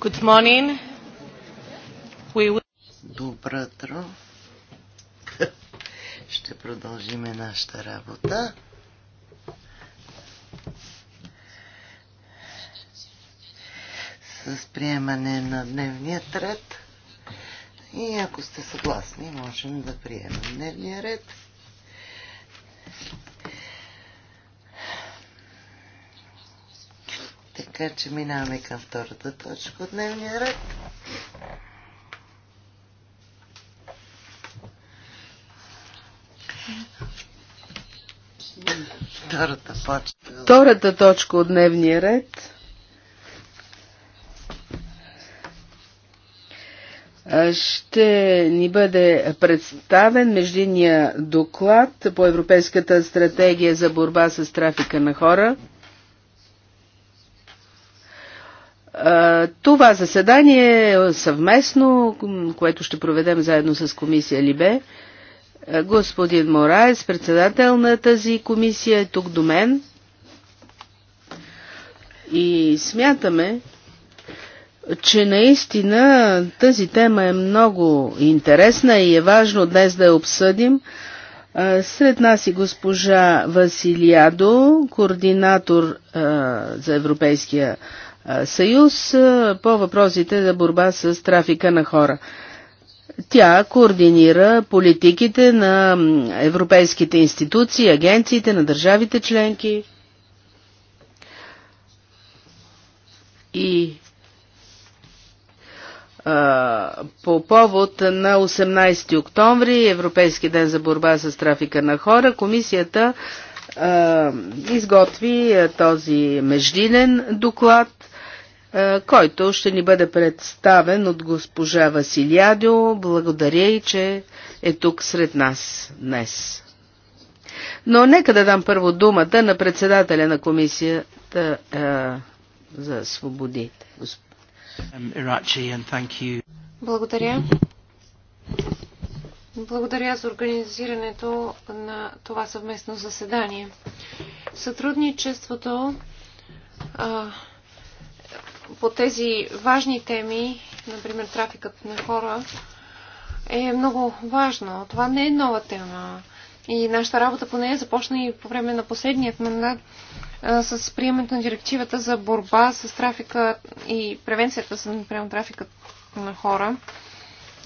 Good morning. We will... Добро утро. Ще продължиме нашата работа. С приемане на дневния ред. И ако сте съгласни, можем да приемем дневния ред. Така че минаваме към втората точка от дневния ред. Втората, почта. Втората точка от дневния ред ще ни бъде представен междинния доклад по Европейската стратегия за борба с трафика на хора – Това заседание е съвместно, което ще проведем заедно с комисия Либе, господин Морайс, председател на тази комисия, е тук до мен. И смятаме, че наистина тази тема е много интересна и е важно днес да я обсъдим. Сред нас и е госпожа Василиадо, координатор за Европейския съюз по въпросите за борба с трафика на хора. Тя координира политиките на европейските институции, агенциите, на държавите членки и по повод на 18 октомври, Европейски ден за борба с трафика на хора, комисията а, изготви този междинен доклад е, който ще ни бъде представен от госпожа Василядио. Благодаря и, че е тук сред нас днес. Но нека да дам първо думата на председателя на комисията а, е, за свободите. Um, Благодаря. Благодаря за организирането на това съвместно заседание. Сътрудничеството а, по тези важни теми, например трафикът на хора, е много важно. Това не е нова тема. И нашата работа по нея започна и по време на последният мандат с приемането на директивата за борба с трафика и превенцията спрямо трафика на хора.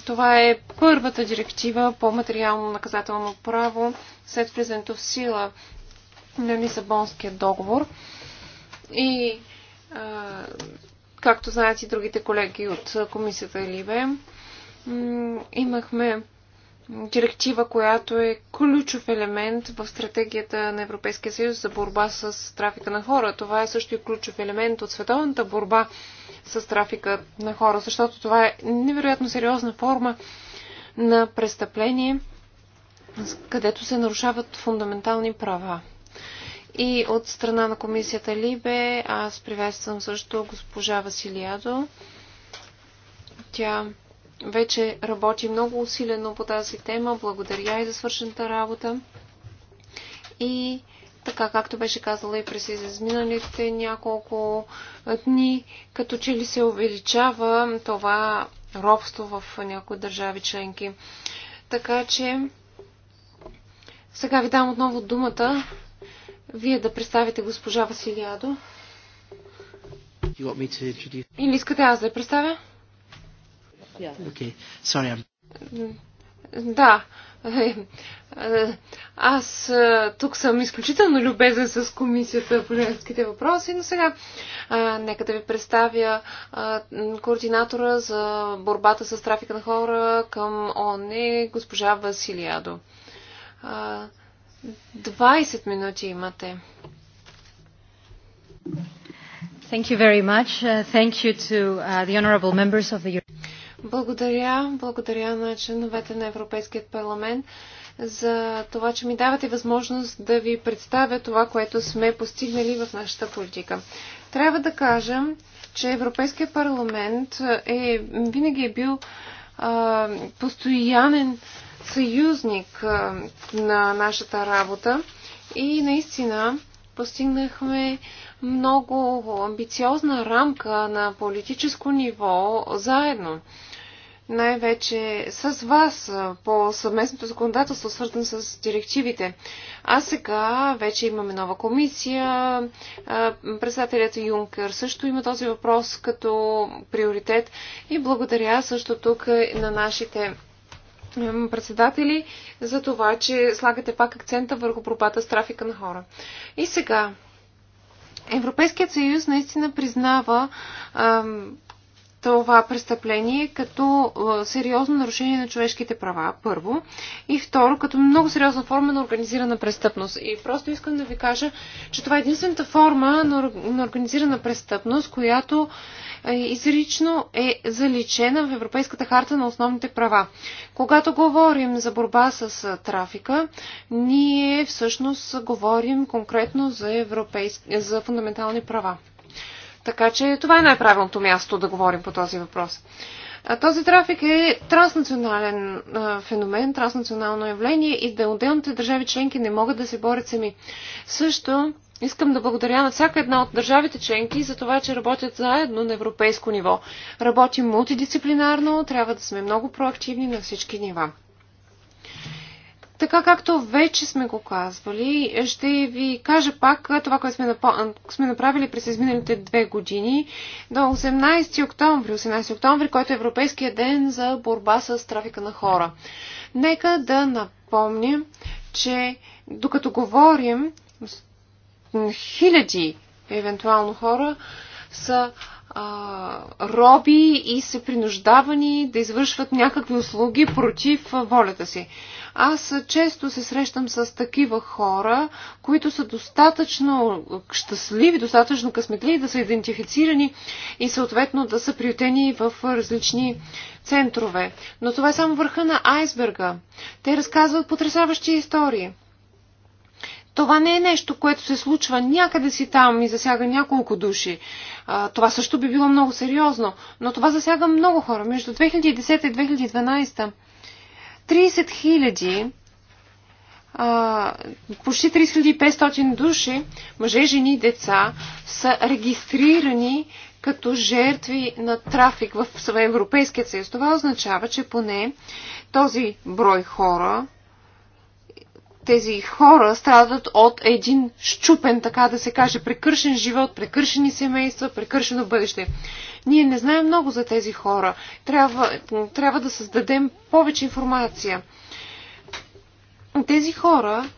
Това е първата директива по материално наказателно право след влизането в сила на Лисабонския договор. И а, Както знаят и другите колеги от комисията Либе, имахме директива, която е ключов елемент в стратегията на Европейския съюз за борба с трафика на хора. Това е също и ключов елемент от световната борба с трафика на хора, защото това е невероятно сериозна форма на престъпление, където се нарушават фундаментални права. И от страна на комисията Либе аз приветствам също госпожа Василиадо. Тя вече работи много усилено по тази тема. Благодаря и за свършената работа. И така както беше казала и през изминалите няколко дни, като че ли се увеличава това робство в някои държави членки. Така че сега ви дам отново думата вие да представите госпожа Василиадо? Или искате аз да я представя? Okay. Sorry, да. Аз тук съм изключително любезен с комисията по женските въпроси, но сега а, нека да ви представя а, координатора за борбата с трафика на хора към ОНЕ, госпожа Василиадо. А, 20 минути имате. Thank you very much. Uh, thank you to uh, the honorable members of the Благодаря, благодаря на членовете на Европейският парламент за това, че ми давате възможност да ви представя това, което сме постигнали в нашата политика. Трябва да кажем, че Европейския парламент е, винаги е бил а, постоянен а, съюзник на нашата работа и наистина постигнахме много амбициозна рамка на политическо ниво заедно. Най-вече с вас по съвместното законодателство, свързано с директивите. А сега вече имаме нова комисия. Председателят Юнкер също има този въпрос като приоритет. И благодаря също тук на нашите председатели за това, че слагате пак акцента върху пропата с трафика на хора. И сега, Европейският съюз наистина признава ам, това престъпление като е, сериозно нарушение на човешките права, първо, и второ, като много сериозна форма на организирана престъпност. И просто искам да ви кажа, че това е единствената форма на организирана престъпност, която е, изрично е заличена в Европейската харта на основните права. Когато говорим за борба с е, трафика, ние всъщност говорим конкретно за, европейск... за фундаментални права. Така че това е най-правилното място да говорим по този въпрос. Този трафик е транснационален феномен, транснационално явление и да отделните държави членки не могат да се борят сами. Също искам да благодаря на всяка една от държавите членки за това, че работят заедно на европейско ниво. Работим мултидисциплинарно, трябва да сме много проактивни на всички нива. Така както вече сме го казвали, ще ви кажа пак това, което сме, напо... сме направили през изминалите две години до 18 октомври, 18 октомври, който е Европейския ден за борба с трафика на хора. Нека да напомним, че докато говорим, хиляди евентуално хора са а, роби и са принуждавани да извършват някакви услуги против волята си. Аз често се срещам с такива хора, които са достатъчно щастливи, достатъчно късметливи, да са идентифицирани и съответно да са приютени в различни центрове. Но това е само върха на айсберга. Те разказват потрясаващи истории. Това не е нещо, което се случва някъде си там и засяга няколко души. А, това също би било много сериозно, но това засяга много хора. Между 2010 и 2012 30 а, почти 3500 души, мъже, жени, деца, са регистрирани като жертви на трафик в Европейския съюз. Това означава, че поне този брой хора, тези хора страдат от един щупен, така да се каже, прекършен живот, прекършени семейства, прекършено бъдеще. Ние не знаем много за тези хора. Трябва, трябва да създадем повече информация. Тези хора,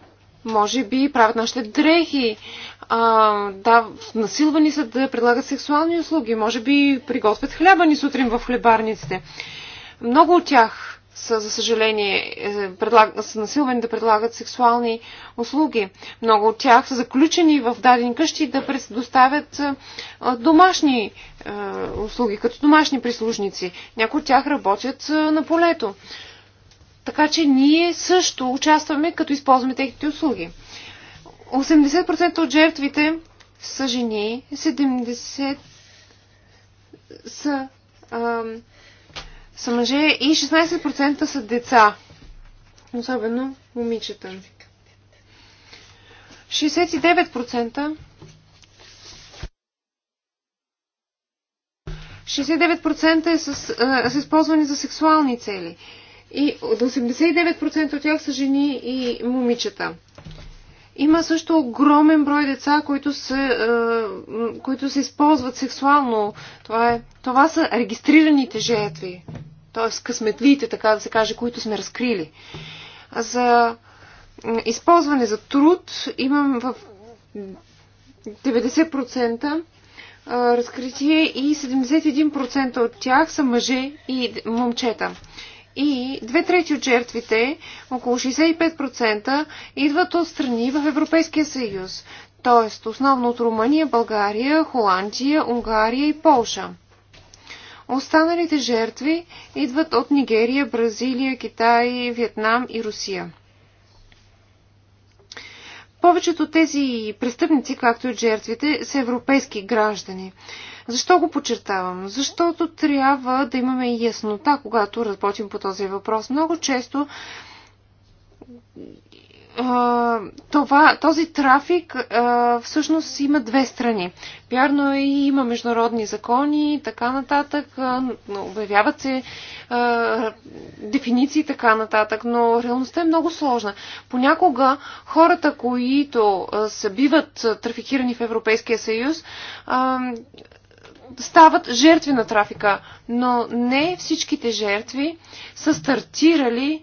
може би, правят нашите дрехи, а, да, насилвани са да предлагат сексуални услуги, може би приготвят хляба ни сутрин в хлебарниците. Много от тях са, за съжаление, е, предлаг... са насилвани да предлагат сексуални услуги. Много от тях са заключени в дадени къщи да предоставят е, домашни е, услуги, като домашни прислужници. Някои от тях работят на полето. Така че ние също участваме, като използваме техните услуги. 80% от жертвите са жени, 70% са са мъже и 16% са деца. Особено момичета. 69% 69% е с, а, са използвани за сексуални цели. И 89% от тях са жени и момичета. Има също огромен брой деца, които се, е, които се използват сексуално. Това, е, това са регистрираните жертви, т.е. късметлиите, така да се каже, които сме разкрили. За използване за труд имам в 90% е, разкритие и 71% от тях са мъже и момчета. И две трети от жертвите, около 65%, идват от страни в Европейския съюз. т.е. основно от Румъния, България, Холандия, Унгария и Полша. Останалите жертви идват от Нигерия, Бразилия, Китай, Виетнам и Русия. Повечето от тези престъпници, както и жертвите, са европейски граждани. Защо го подчертавам? Защото трябва да имаме яснота, когато работим по този въпрос. Много често това, този трафик всъщност има две страни. Вярно и е, има международни закони и така нататък, обявяват се дефиниции и така нататък, но реалността е много сложна. Понякога хората, които са биват трафикирани в Европейския съюз, стават жертви на трафика, но не всичките жертви са стартирали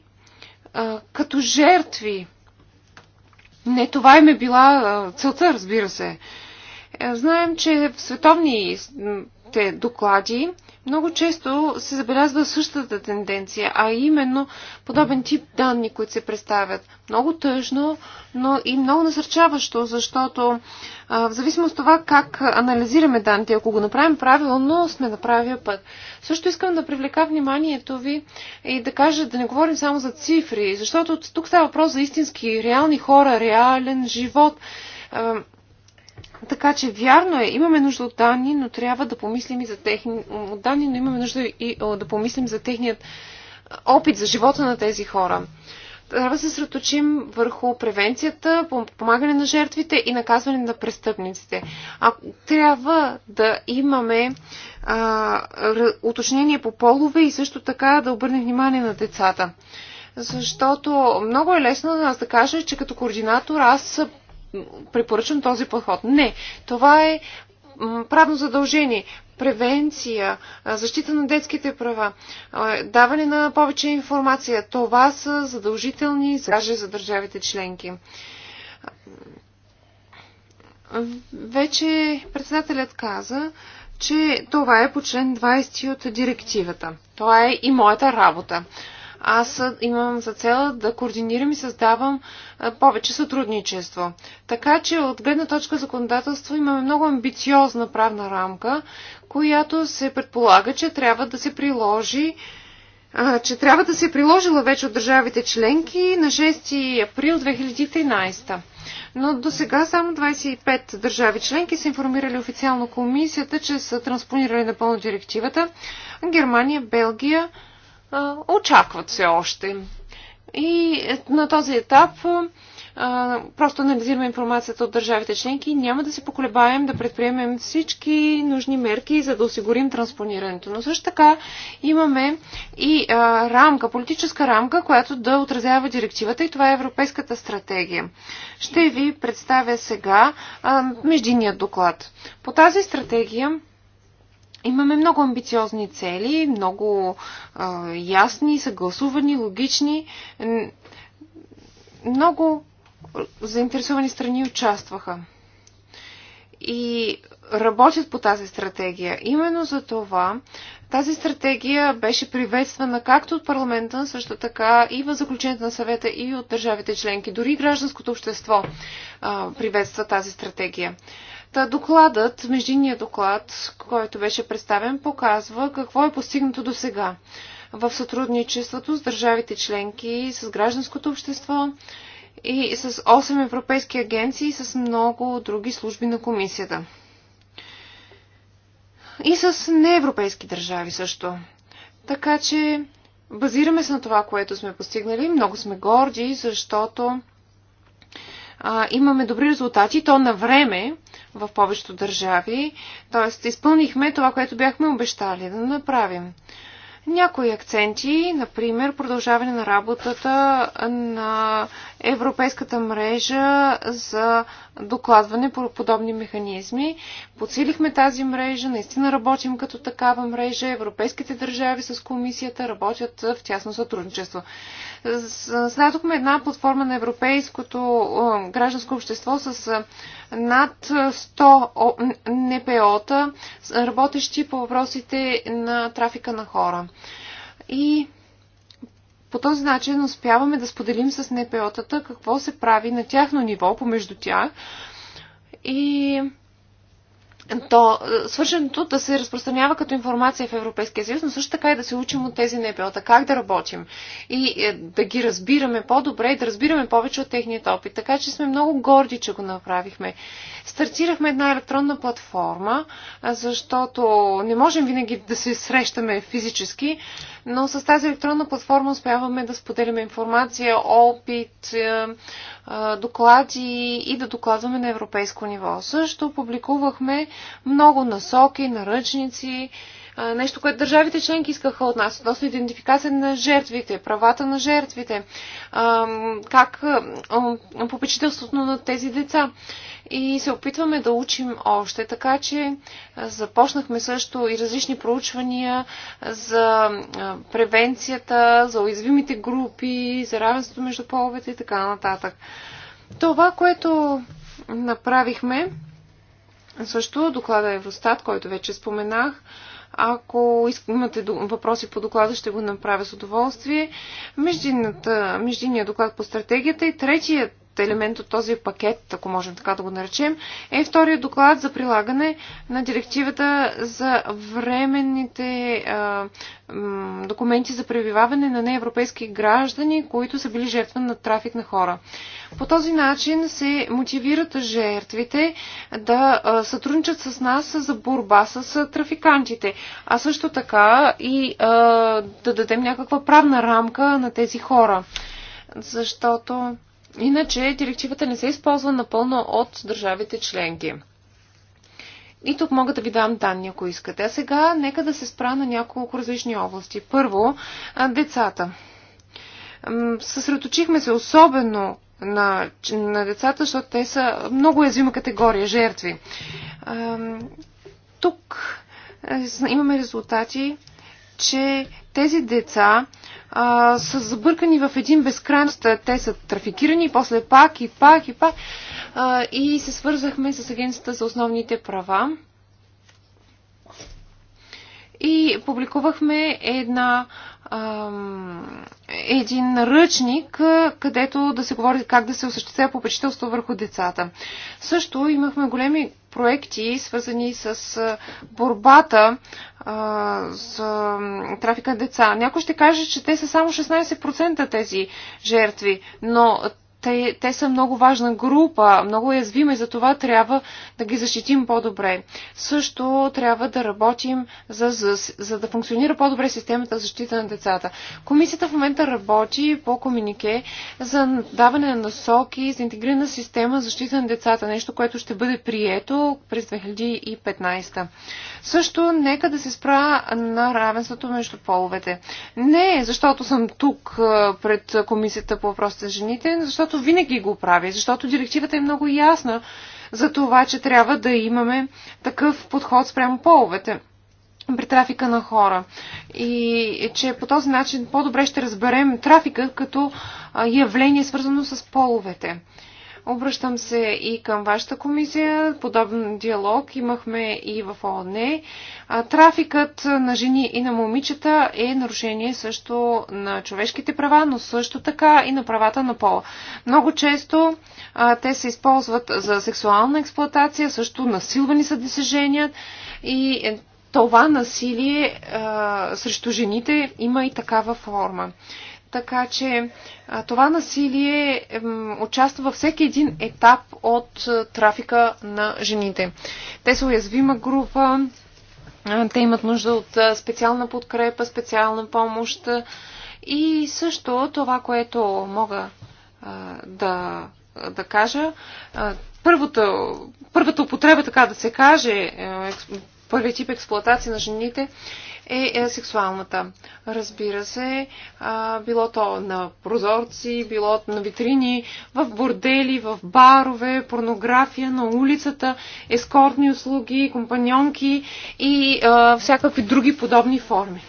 като жертви не това им е била целта, разбира се. Е, знаем, че в световни техните доклади, много често се забелязва същата тенденция, а именно подобен тип данни, които се представят. Много тъжно, но и много насърчаващо, защото а, в зависимост от това как анализираме данните, ако го направим правилно, сме на правия път. Също искам да привлека вниманието ви и да кажа да не говорим само за цифри, защото тук става въпрос за истински реални хора, реален живот. А, така че вярно е, имаме нужда от данни, но трябва да помислим и за техни... от данни, но имаме нужда и да помислим за техният е, опит за живота на тези хора. Трябва да се сръточим върху превенцията, помагане на жертвите и наказване на престъпниците. А трябва да имаме а, уточнение по полове и също така да обърнем внимание на децата. Защото много е лесно да нас да кажа, че като координатор аз препоръчам този подход. Не, това е правно задължение, превенция, защита на детските права, даване на повече информация. Това са задължителни каже за държавите членки. Вече председателят каза, че това е по член 20 от директивата. Това е и моята работа аз имам за цел да координирам и създавам повече сътрудничество. Така че от гледна точка законодателство имаме много амбициозна правна рамка, която се предполага, че трябва да се приложи че трябва да се е приложила вече от държавите членки на 6 април 2013. Но до сега само 25 държави членки са информирали официално комисията, че са транспонирали напълно директивата. Германия, Белгия, очакват се още. И на този етап просто анализираме информацията от държавите членки и няма да се поколебаем да предприемем всички нужни мерки, за да осигурим транспонирането. Но също така имаме и рамка, политическа рамка, която да отразява директивата и това е Европейската стратегия. Ще ви представя сега междинният доклад. По тази стратегия Имаме много амбициозни цели, много а, ясни, съгласувани, логични. Много заинтересовани страни участваха и работят по тази стратегия. Именно за това тази стратегия беше приветствана както от парламента, също така и в заключението на съвета и от държавите членки. Дори гражданското общество а, приветства тази стратегия. Та е, докладът, междинният доклад, който беше представен, показва какво е постигнато до сега в сътрудничеството с държавите членки, с гражданското общество и с 8 европейски агенции и с много други служби на комисията. И с неевропейски държави също. Така че базираме се на това, което сме постигнали. Много сме горди, защото а, имаме добри резултати, то на време в повечето държави. Тоест, изпълнихме това, което бяхме обещали да направим. Някои акценти, например, продължаване на работата на Европейската мрежа за докладване по подобни механизми. Подсилихме тази мрежа, наистина работим като такава мрежа. Европейските държави с комисията работят в тясно сътрудничество. Снадохме една платформа на европейското гражданско общество с над 100 НПО-та, работещи по въпросите на трафика на хора. И по този начин успяваме да споделим с НПО-тата какво се прави на тяхно ниво, помежду тях. И то е, свършеното да се разпространява като информация в Европейския съюз, но също така и да се учим от тези НПО-та, как да работим и е, да ги разбираме по-добре и да разбираме повече от техният опит. Така че сме много горди, че го направихме. Стартирахме една електронна платформа, защото не можем винаги да се срещаме физически, но с тази електронна платформа успяваме да споделяме информация, опит, е, е, доклади и да докладваме на европейско ниво. Също публикувахме много насоки, наръчници, нещо, което държавите членки искаха от нас, относно идентификация на жертвите, правата на жертвите, как попечителството на тези деца. И се опитваме да учим още, така че започнахме също и различни проучвания за превенцията, за уязвимите групи, за равенството между половете и така нататък. Това, което направихме, също доклада Евростат, който вече споменах, ако имате въпроси по доклада, ще го направя с удоволствие. Междинният доклад по стратегията и третият елемент от този пакет, ако можем така да го наречем, е втория доклад за прилагане на директивата за временните а, м, документи за пребиваване на неевропейски граждани, които са били жертва на трафик на хора. По този начин се мотивират жертвите да сътрудничат с нас за борба с трафикантите, а също така и а, да дадем някаква правна рамка на тези хора. Защото Иначе директивата не се използва напълно от държавите членки. И тук мога да ви дам данни, ако искате. А сега нека да се спра на няколко различни области. Първо, децата. Съсредоточихме се особено на, на децата, защото те са много уязвима категория, жертви. Тук имаме резултати, че тези деца а, са забъркани в един безкрайен. Те са трафикирани, после пак и пак и пак. А, и се свързахме с Агенцията за основните права. И публикувахме една, ам, един ръчник, където да се говори как да се осъществява попечителство върху децата. Също имахме големи проекти, свързани с борбата с трафика на деца. Някой ще каже, че те са само 16% тези жертви, но те, те са много важна група, много язвима и за това трябва да ги защитим по-добре. Също трябва да работим за, за, за да функционира по-добре системата за защита на децата. Комисията в момента работи по комунике за даване на насоки за интегрирана система за защита на децата, нещо, което ще бъде прието през 2015. Също нека да се спра на равенството между половете. Не защото съм тук пред комисията по въпросите за жените, защото защото винаги го прави, защото директивата е много ясна за това, че трябва да имаме такъв подход спрямо половете при трафика на хора. И че по този начин по-добре ще разберем трафика като явление свързано с половете. Обръщам се и към вашата комисия. Подобен диалог имахме и в ООН. Трафикът на жени и на момичета е нарушение също на човешките права, но също така и на правата на пола. Много често а, те се използват за сексуална експлоатация, също насилвани са десежения и е, това насилие а, срещу жените има и такава форма. Така че това насилие участва във всеки един етап от трафика на жените. Те са уязвима група, те имат нужда от специална подкрепа, специална помощ. И също това, което мога да, да кажа, първата, първата употреба, така да се каже, е, първият тип експлоатация на жените е, е сексуалната. Разбира се, а, било то на прозорци, било на витрини, в бордели, в барове, порнография на улицата, ескортни услуги, компаньонки и а, всякакви други подобни форми.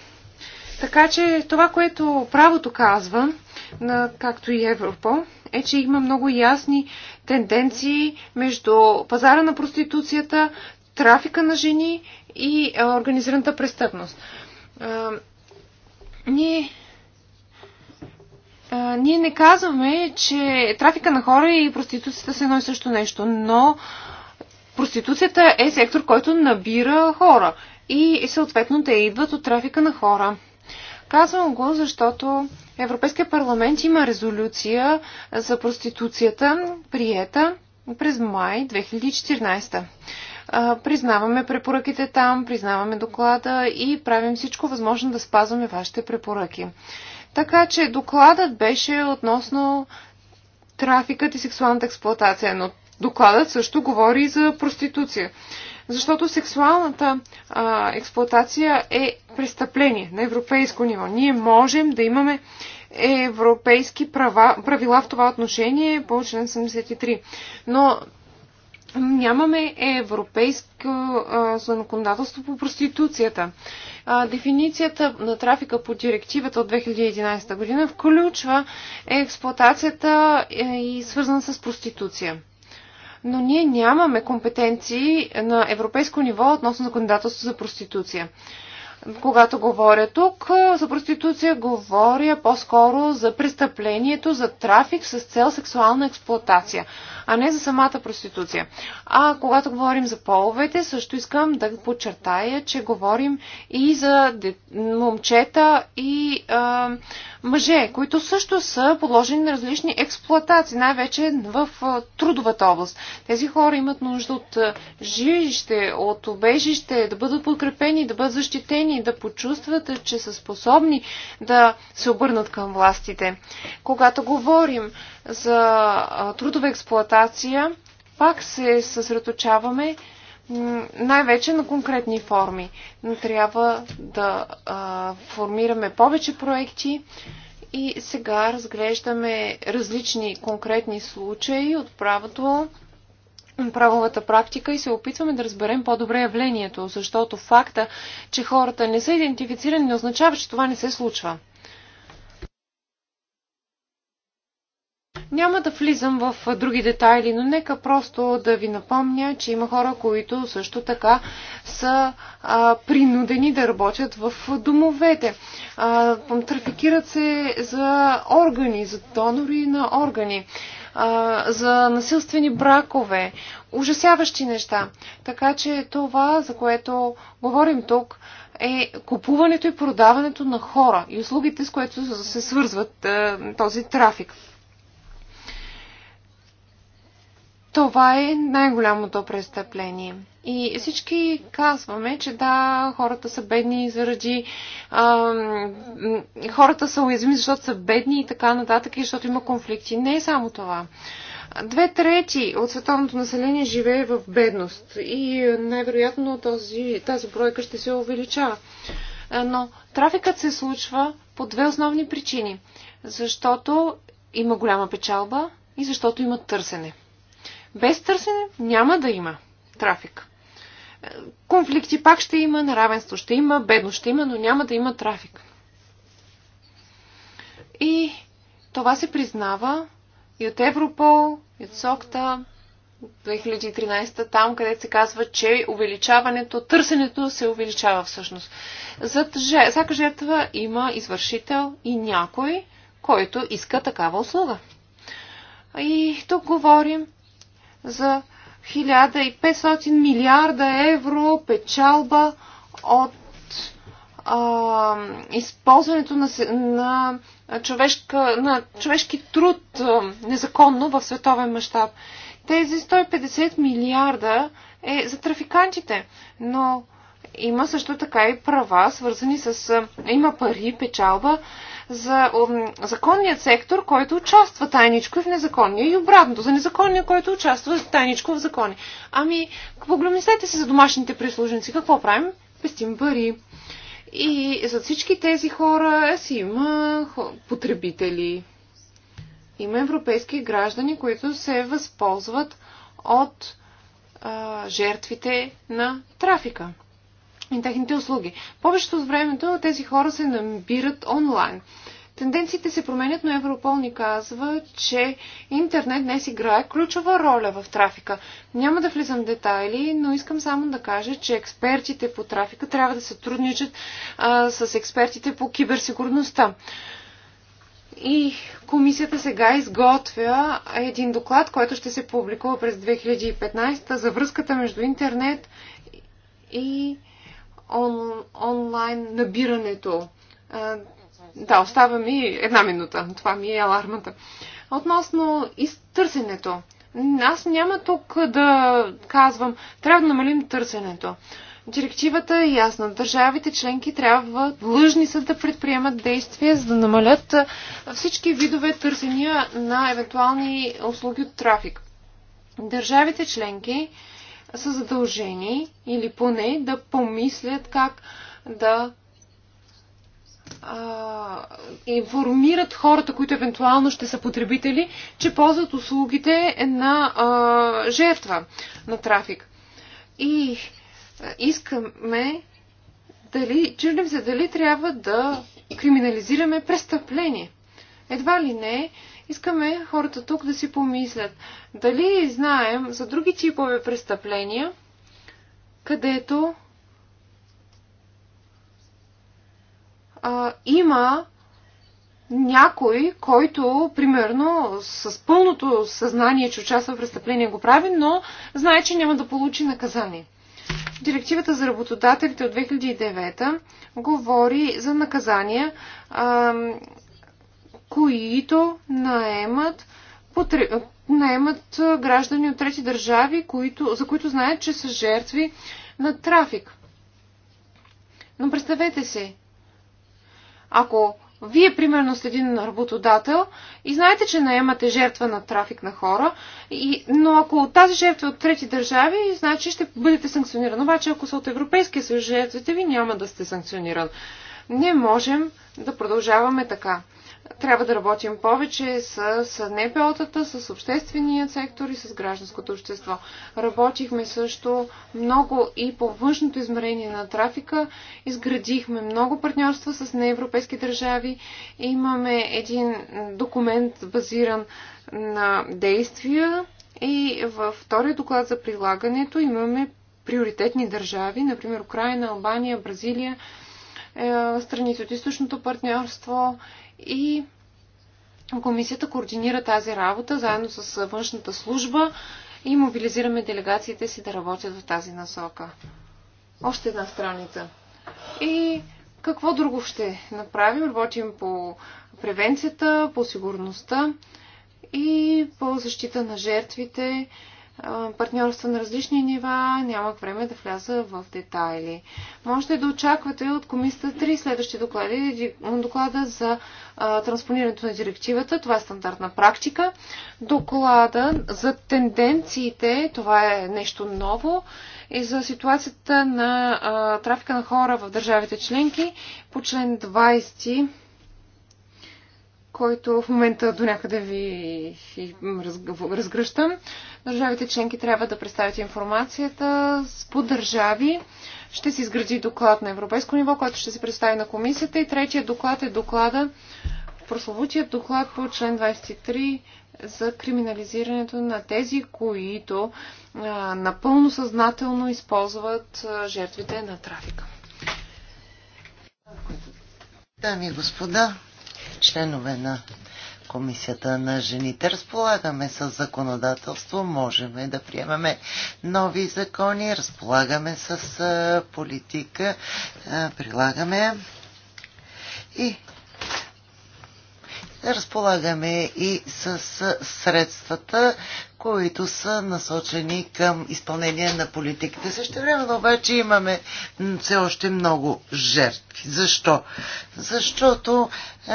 Така че това, което правото казва, на, както и Европол, е, че има много ясни тенденции между пазара на проституцията, трафика на жени и организираната престъпност. Ние ние не казваме, че трафика на хора и проституцията са едно и също нещо, но проституцията е сектор, който набира хора и съответно те идват от трафика на хора. Казвам го, защото Европейския парламент има резолюция за проституцията, приета през май 2014 признаваме препоръките там, признаваме доклада и правим всичко възможно да спазваме вашите препоръки. Така че докладът беше относно трафикът и сексуалната експлоатация, но докладът също говори за проституция. Защото сексуалната а, експлоатация е престъпление на европейско ниво. Ние можем да имаме европейски права, правила в това отношение по член 73. Но нямаме европейско законодателство по проституцията. Дефиницията на трафика по директивата от 2011 година включва експлоатацията е, и свързана с проституция. Но ние нямаме компетенции на европейско ниво относно законодателство за проституция. Когато говоря тук за проституция, говоря по-скоро за престъплението за трафик с цел сексуална експлоатация а не за самата проституция. А когато говорим за половете, също искам да подчертая, че говорим и за момчета и а, мъже, които също са подложени на различни експлуатации, най-вече в трудовата област. Тези хора имат нужда от жилище, от обежище, да бъдат подкрепени, да бъдат защитени, да почувстват, че са способни да се обърнат към властите. Когато говорим за трудова експлуатация, експлоатация, пак се съсредоточаваме най-вече на конкретни форми. Но трябва да а, формираме повече проекти и сега разглеждаме различни конкретни случаи от правото, правовата практика и се опитваме да разберем по-добре явлението, защото факта, че хората не са идентифицирани, не означава, че това не се случва. Няма да влизам в други детайли, но нека просто да ви напомня, че има хора, които също така са а, принудени да работят в домовете. А, трафикират се за органи, за донори на органи, а, за насилствени бракове, ужасяващи неща. Така че това, за което говорим тук, е купуването и продаването на хора и услугите, с които се свързват а, този трафик. Това е най-голямото престъпление. И всички казваме, че да, хората са бедни заради... А, хората са уязвими, защото са бедни и така нататък, и защото има конфликти. Не е само това. Две трети от световното население живее в бедност и най-вероятно този, тази бройка ще се увеличава. Но трафикът се случва по две основни причини. Защото има голяма печалба и защото има търсене. Без търсене няма да има трафик. Е, конфликти пак ще има, неравенство ще има, бедност ще има, но няма да има трафик. И това се признава и от Европол, и от СОКТА, 2013, там където се казва, че увеличаването, търсенето се увеличава всъщност. Зад всяка жертва има извършител и някой, който иска такава услуга. И тук говорим за 1500 милиарда евро печалба от а, използването на, на, човешка, на човешки труд а, незаконно в световен мащаб. Тези 150 милиарда е за трафикантите, но има също така и права, свързани с... Има пари, печалба, за законният сектор, който участва тайничко и в незаконния и обратното, за незаконния, който участва тайничко в закони. Ами, погледнете се за домашните прислужници. Какво правим? Пестим пари. И за всички тези хора си има потребители. Има европейски граждани, които се възползват от а, жертвите на трафика и техните услуги. Повечето от времето тези хора се набират онлайн. Тенденциите се променят, но Европол ни казва, че интернет днес играе ключова роля в трафика. Няма да влизам в детайли, но искам само да кажа, че експертите по трафика трябва да се трудничат а, с експертите по киберсигурността. И комисията сега изготвя един доклад, който ще се публикува през 2015 за връзката между интернет и он, онлайн набирането. Да, остава ми една минута. Това ми е алармата. Относно изтърсенето. Аз няма тук да казвам, трябва да намалим търсенето. Директивата е ясна. Държавите членки трябва, длъжни са да предприемат действия, за да намалят всички видове търсения на евентуални услуги от трафик. Държавите членки са задължени или поне да помислят как да а, информират хората, които евентуално ще са потребители, че ползват услугите на а, жертва на трафик. И а, искаме дали, чудим се дали трябва да криминализираме престъпление. Едва ли не, Искаме хората тук да си помислят дали знаем за други типове престъпления, където а, има някой, който, примерно, с пълното съзнание, че участва в престъпление, го прави, но знае, че няма да получи наказание. Директивата за работодателите от 2009 говори за наказания които наемат, потре... наемат граждани от трети държави, които... за които знаят, че са жертви на трафик. Но представете се, ако вие, примерно, сте един работодател и знаете, че наемате жертва на трафик на хора, и, но ако тази жертва е от трети държави, значи ще бъдете санкциониран. Обаче, ако са от Европейския съюз жертвите ви, няма да сте санкциониран. Не можем да продължаваме така. Трябва да работим повече с, с НПО-тата, с обществения сектор и с гражданското общество. Работихме също много и по външното измерение на трафика. Изградихме много партньорства с неевропейски държави. Имаме един документ базиран на действия и във втория доклад за прилагането имаме приоритетни държави, например Украина, Албания, Бразилия, е, страните от източното партньорство и комисията координира тази работа заедно с външната служба и мобилизираме делегациите си да работят в тази насока. Още една страница. И какво друго ще направим? Работим по превенцията, по сигурността и по защита на жертвите партньорства на различни нива, нямах време да вляза в детайли. Можете да очаквате от комисията три следващи доклади. Доклада за транспонирането на директивата, това е стандартна практика. Доклада за тенденциите, това е нещо ново. И за ситуацията на трафика на хора в държавите членки по член 20 който в момента до някъде ви, разгръщам. Държавите членки трябва да представят информацията по държави. Ще се изгради доклад на европейско ниво, който ще се представи на комисията. И третия доклад е доклада, прословутият доклад по член 23 за криминализирането на тези, които а, напълно съзнателно използват а, жертвите на трафика. Дами и господа, членове на Комисията на жените. Разполагаме с законодателство, можем да приемаме нови закони, разполагаме с политика, прилагаме и разполагаме и с средствата, които са насочени към изпълнение на политиките. Също време обаче имаме все още много жертви. Защо? Защото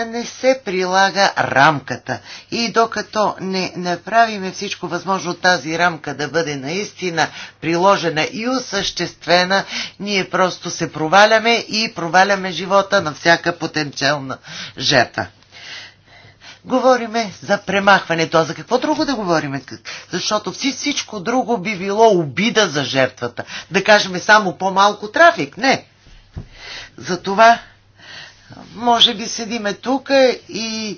не се прилага рамката. И докато не направиме всичко възможно тази рамка да бъде наистина приложена и осъществена, ние просто се проваляме и проваляме живота на всяка потенциална жертва говориме за премахването. А за какво друго да говориме? Защото всичко друго би било обида за жертвата. Да кажем само по-малко трафик. Не. Затова може би седиме тук и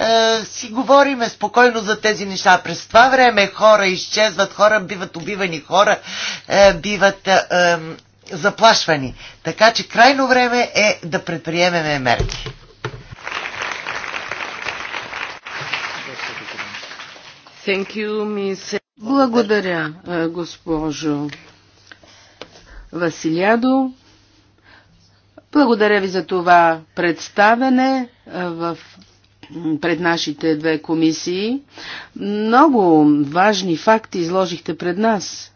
е, си говориме спокойно за тези неща. През това време хора изчезват, хора биват убивани, хора е, биват е, е, заплашвани. Така че крайно време е да предприемеме мерки. Благодаря, госпожо Василядо. Благодаря ви за това представене в, пред нашите две комисии. Много важни факти изложихте пред нас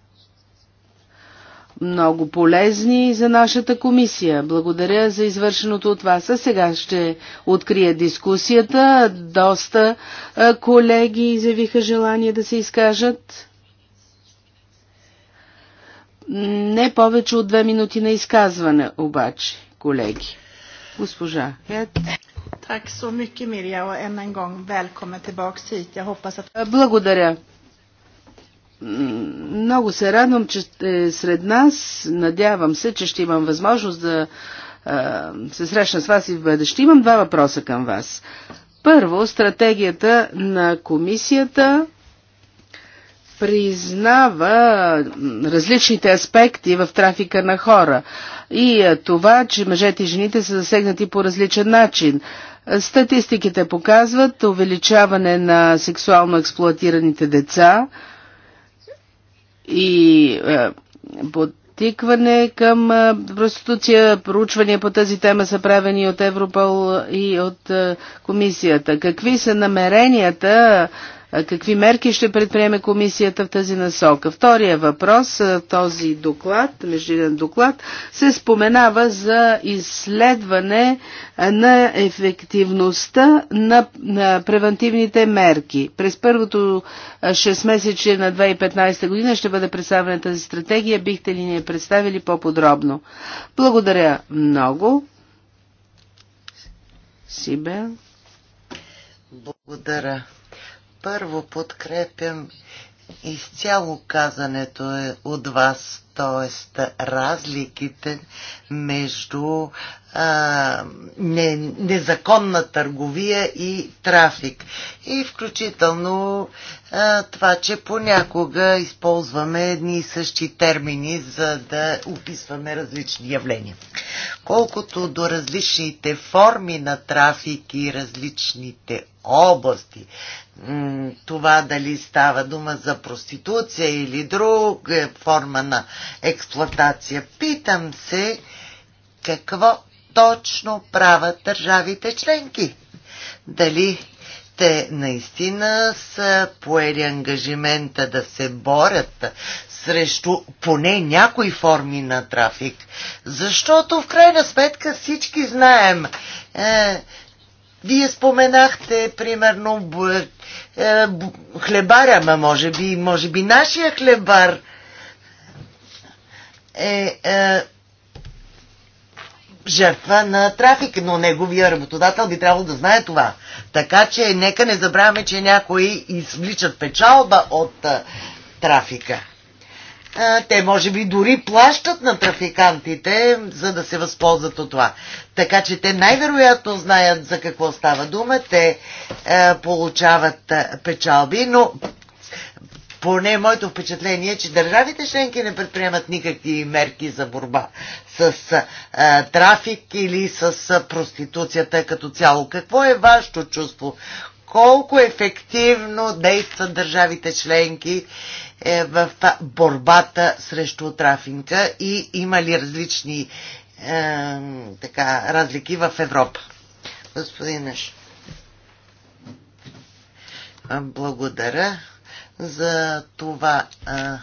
много полезни за нашата комисия. Благодаря за извършеното от вас. А сега ще открия дискусията. Доста колеги изявиха желание да се изкажат. Не повече от две минути на изказване, обаче, колеги. Госпожа. Благодаря много се радвам, че сте сред нас. Надявам се, че ще имам възможност да а, се срещна с вас и в бъдеще. Имам два въпроса към вас. Първо, стратегията на комисията признава различните аспекти в трафика на хора и това, че мъжете и жените са засегнати по различен начин. Статистиките показват увеличаване на сексуално експлуатираните деца, и е, подтикване към е, проституция. Проучвания по тази тема са правени от Европол и от е, комисията. Какви са намеренията Какви мерки ще предприеме комисията в тази насока? Втория въпрос, този доклад, междинен доклад, се споменава за изследване на ефективността на, на превентивните мерки. През първото 6 месече на 2015 година ще бъде представена тази стратегия. Бихте ли ни я представили по-подробно? Благодаря много. Сибел. Благодаря. Първо подкрепям изцяло казането е от вас, т.е. разликите между а, не, незаконна търговия и трафик. И включително а, това, че понякога използваме едни и същи термини, за да описваме различни явления. Колкото до различните форми на трафик и различните области, това дали става дума за проституция или друга е, форма на експлоатация, питам се, какво точно правят държавите членки? Дали те наистина са поели ангажимента да се борят срещу поне някои форми на трафик. Защото в крайна сметка всички знаем. Е, вие споменахте, примерно, б, е, б, хлебаря, ма може би, може би нашия хлебар е, е жертва на трафик, но неговия работодател би трябвало да знае това. Така че нека не забравяме, че някои извличат печалба от а, трафика. А, те може би дори плащат на трафикантите, за да се възползват от това. Така че те най-вероятно знаят за какво става дума, те а, получават а, печалби, но поне моето впечатление е, че държавите членки не предприемат никакви мерки за борба с а, трафик или с а, проституцията като цяло. Какво е вашето чувство? Колко ефективно действат държавите членки е, в борбата срещу трафинка и има ли различни е, така, разлики в Европа? Господин Благодаря за това а,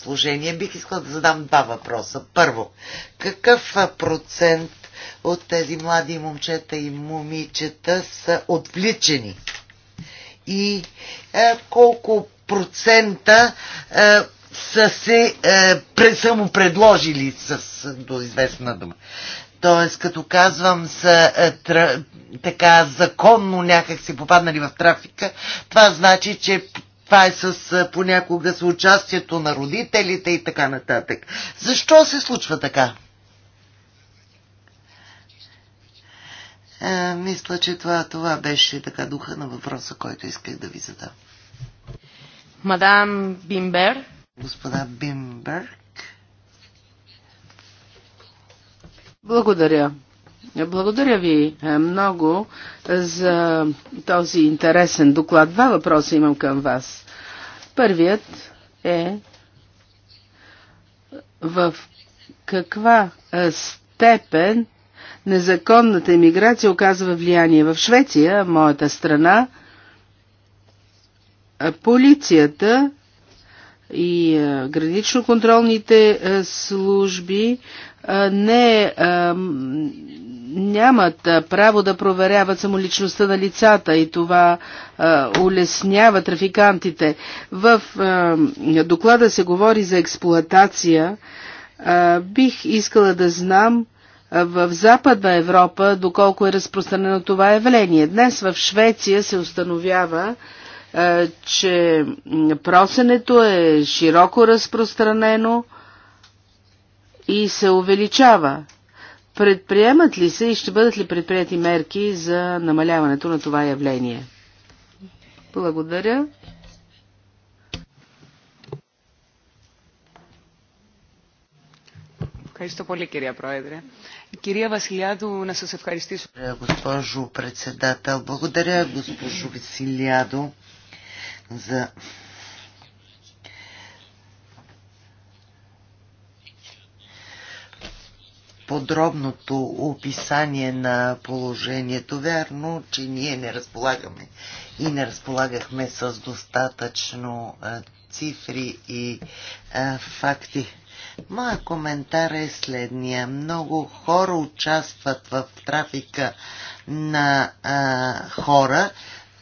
служение, Бих искала да задам два въпроса. Първо, какъв процент от тези млади момчета и момичета са отвличени? И а, колко процента а, са се е, само предложили с до известна дума? Тоест, като казвам, са е, тра, така законно някак си попаднали в трафика, това значи, че това е с понякога с участието на родителите и така нататък. Защо се случва така? Е, мисля, че това, това беше така духа на въпроса, който исках да ви задам. Мадам Бимбер. Господа Бимберг. Благодаря. Благодаря ви е, много за този интересен доклад. Два въпроса имам към вас. Първият е в каква степен незаконната иммиграция оказва влияние. В Швеция, моята страна, полицията и гранично-контролните служби не нямат право да проверяват самоличността на лицата и това а, улеснява трафикантите. В а, доклада се говори за експлоатация. А, бих искала да знам в Западна Европа доколко е разпространено това явление. Днес в Швеция се установява, а, че просенето е широко разпространено и се увеличава. Предприемат ли се и ще бъдат ли предприяти мерки за намаляването на това явление? Благодаря. Ευχαριστώ πολύ κυρία Πρόεδρε. Κυρία Βασιλιάδου, να σας ευχαριστήσω. Госпожо председател, благодаря госпожо Василиадо за подробното описание на положението. Вярно, че ние не разполагаме и не разполагахме с достатъчно цифри и факти. Моя коментар е следния. Много хора участват в трафика на а, хора,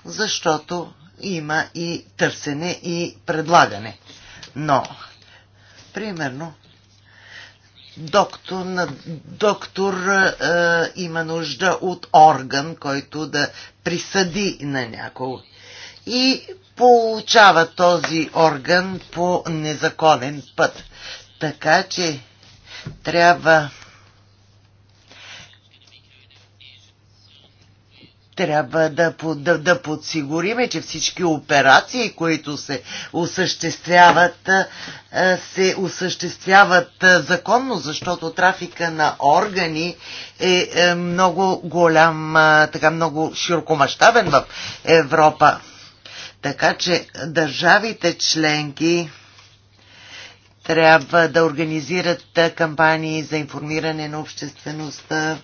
защото има и търсене и предлагане. Но, примерно, доктор, на доктор а, е, има нужда от орган, който да присъди на някого. И получава този орган по незаконен път. Така че трябва трябва да, да, да подсигуриме, че всички операции, които се осъществяват, се осъществяват законно, защото трафика на органи е, е много голям, така много широкомащабен в Европа. Така че държавите членки трябва да организират кампании за информиране на обществеността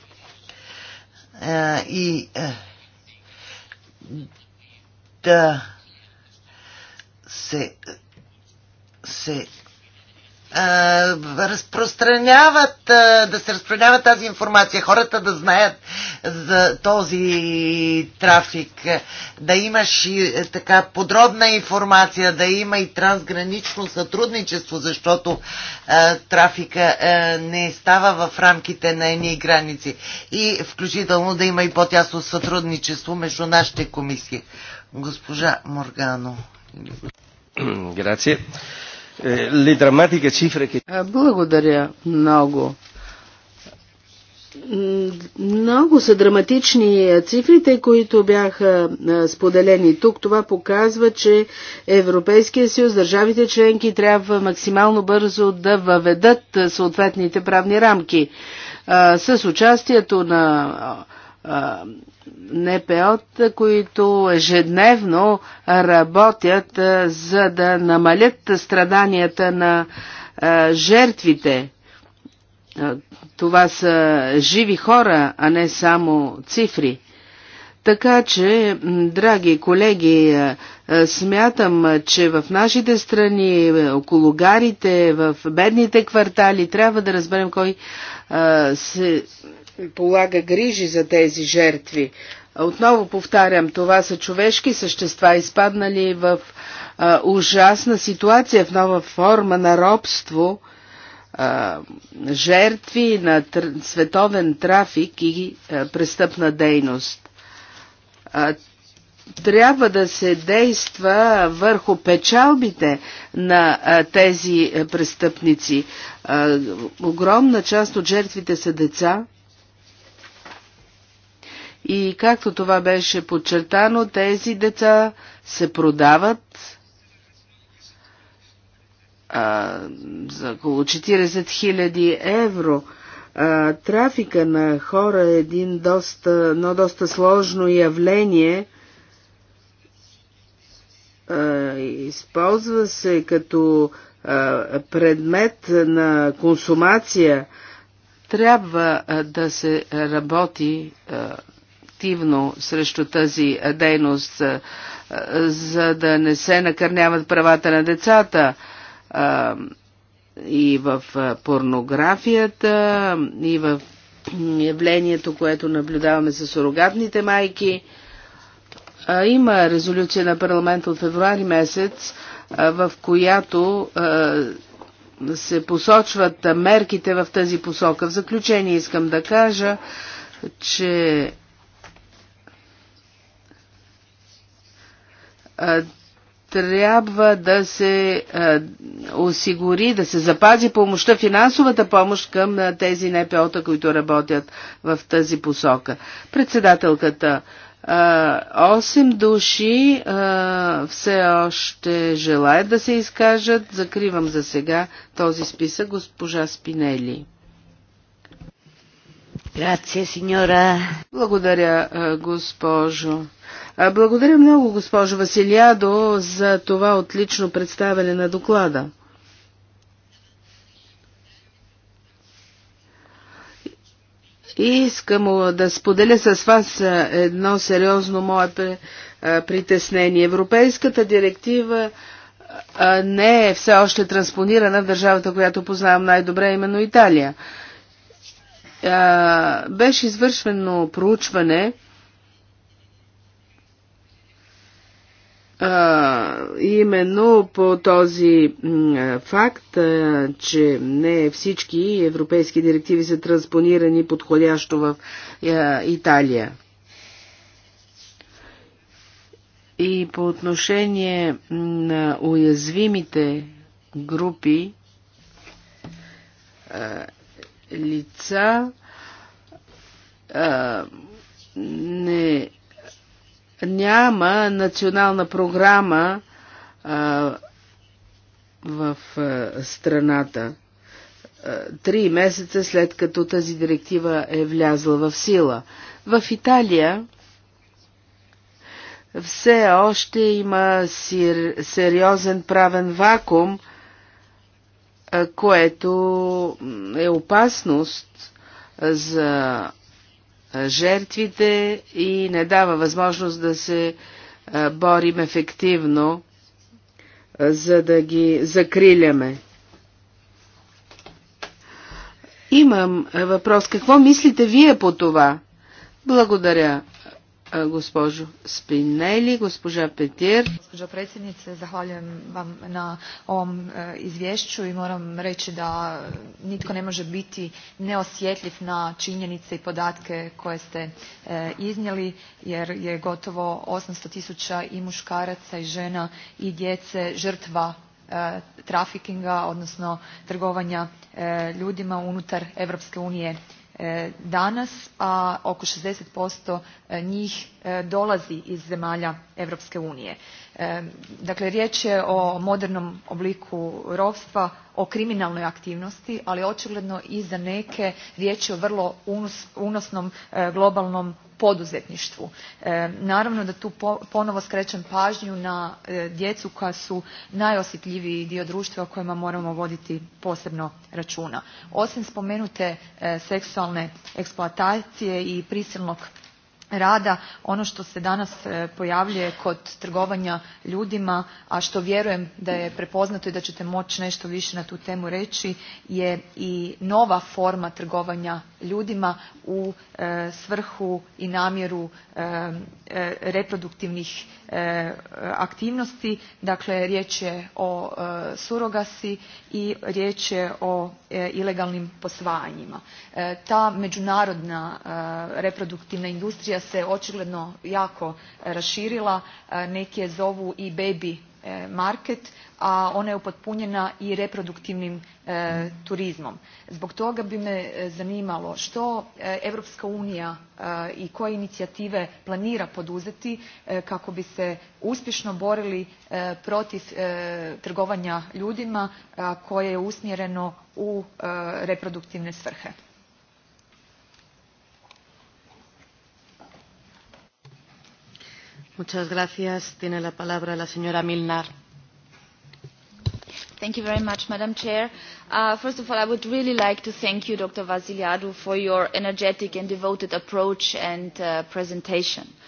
и да се, се разпространяват, да се разпространява тази информация, хората да знаят за този трафик, да имаш и е, така подробна информация, да има и трансгранично сътрудничество, защото трафика не става в рамките на едни граници. И включително да има и по-тясно сътрудничество между нашите комисии. Госпожа Моргано. Грация. Eh, le drammatiche cifre che... Е, благодаря много. Много са драматични е, цифрите, които бяха е, споделени тук. Това показва, че Европейския съюз, държавите членки трябва максимално бързо да въведат съответните правни рамки. С участието на НПО, които ежедневно работят за да намалят страданията на жертвите. Това са живи хора, а не само цифри. Така че, драги колеги, смятам, че в нашите страни, около гарите, в бедните квартали, трябва да разберем кой се полага грижи за тези жертви. Отново повтарям, това са човешки същества, изпаднали в а, ужасна ситуация, в нова форма на робство, а, жертви на тр... световен трафик и а, престъпна дейност. А, трябва да се действа върху печалбите на а, тези престъпници. А, огромна част от жертвите са деца и както това беше подчертано, тези деца се продават а, за около 40 000 евро. А, трафика на хора е един доста, но доста сложно явление. А, използва се като а, предмет на консумация. Трябва а, да се работи а, активно срещу тази дейност, за да не се накърняват правата на децата и в порнографията, и в явлението, което наблюдаваме с сурогатните майки. Има резолюция на парламент от февруари месец, в която се посочват мерките в тази посока. В заключение искам да кажа, че трябва да се осигури, да се запази помощта, финансовата помощ към тези НПО-та, които работят в тази посока. Председателката 8 души все още желаят да се изкажат. Закривам за сега този списък госпожа Спинели. Грация, сеньора. Благодаря, госпожо. Благодаря много, госпожо Василиадо, за това отлично представяне на доклада. И искам да споделя с вас едно сериозно мое притеснение. Европейската директива не е все още транспонирана в държавата, която познавам най-добре, именно Италия беше извършвано проучване а, именно по този а, факт, а, че не всички европейски директиви са транспонирани подходящо в а, Италия. И по отношение на уязвимите групи, лица а, не, няма национална програма а, в а, страната. Три месеца след като тази директива е влязла в сила. В Италия все още има сир, сериозен правен вакуум, което е опасност за жертвите и не дава възможност да се борим ефективно, за да ги закриляме. Имам въпрос. Какво мислите вие по това? Благодаря, Госпожо Спинели, госпожа Petir. Gospođo predsjednice, zahvaljujem vam na ovom izvješću i moram reći da nitko ne može biti neosjetljiv na činjenice i podatke koje ste iznijeli jer je gotovo 800 tisuća i muškaraca i žena i djece žrtva trafikinga, odnosno trgovanja ljudima unutar Europske unije danas, a oko sixty njih dolazi iz zemalja Europske unije. Dakle, riječ je o modernom obliku ropstva, o kriminalnoj aktivnosti, ali očigledno i za neke riječ je o vrlo unosnom globalnom poduzetništvu. Naravno da tu ponovo skrećem pažnju na djecu koja su najosjetljiviji dio društva o kojima moramo voditi posebno računa. Osim spomenute seksualne eksploatacije i prisilnog rada ono što se danas pojavljuje kod trgovanja ljudima a što vjerujem da je prepoznato i da ćete moći nešto više na tu temu reći je i nova forma trgovanja ljudima u svrhu i namjeru reproduktivnih aktivnosti dakle riječ je o surogasi i riječ je o ilegalnim posvajanjima. ta međunarodna reproduktivna industrija se očigledno jako raširila, neki je zovu i baby market, a ona je upotpunjena i reproduktivnim turizmom. Zbog toga bi me zanimalo što Europska unija i koje inicijative planira poduzeti kako bi se uspješno borili protiv trgovanja ljudima koje je usmjereno u reproduktivne svrhe. Muchas gracias. Tiene la palabra la señora Milnar. Thank you very much, Madam Chair. Uh, first of all, I would really like to thank you, Dr. Vasiliadou, for your energetic and devoted approach and uh, presentation. Uh,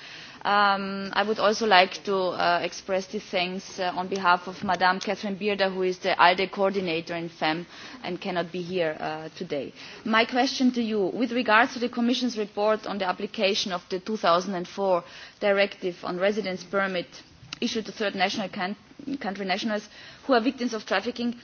I would also like to express these thanks on behalf of ms Catherine Bearder, who is the ALDE coordinator in FEM and cannot be here today. My question to you, with regards to the Commission's report on the application of the two thousand four Directive on Residence permits issued to third national country nationals who are victims of trafficking.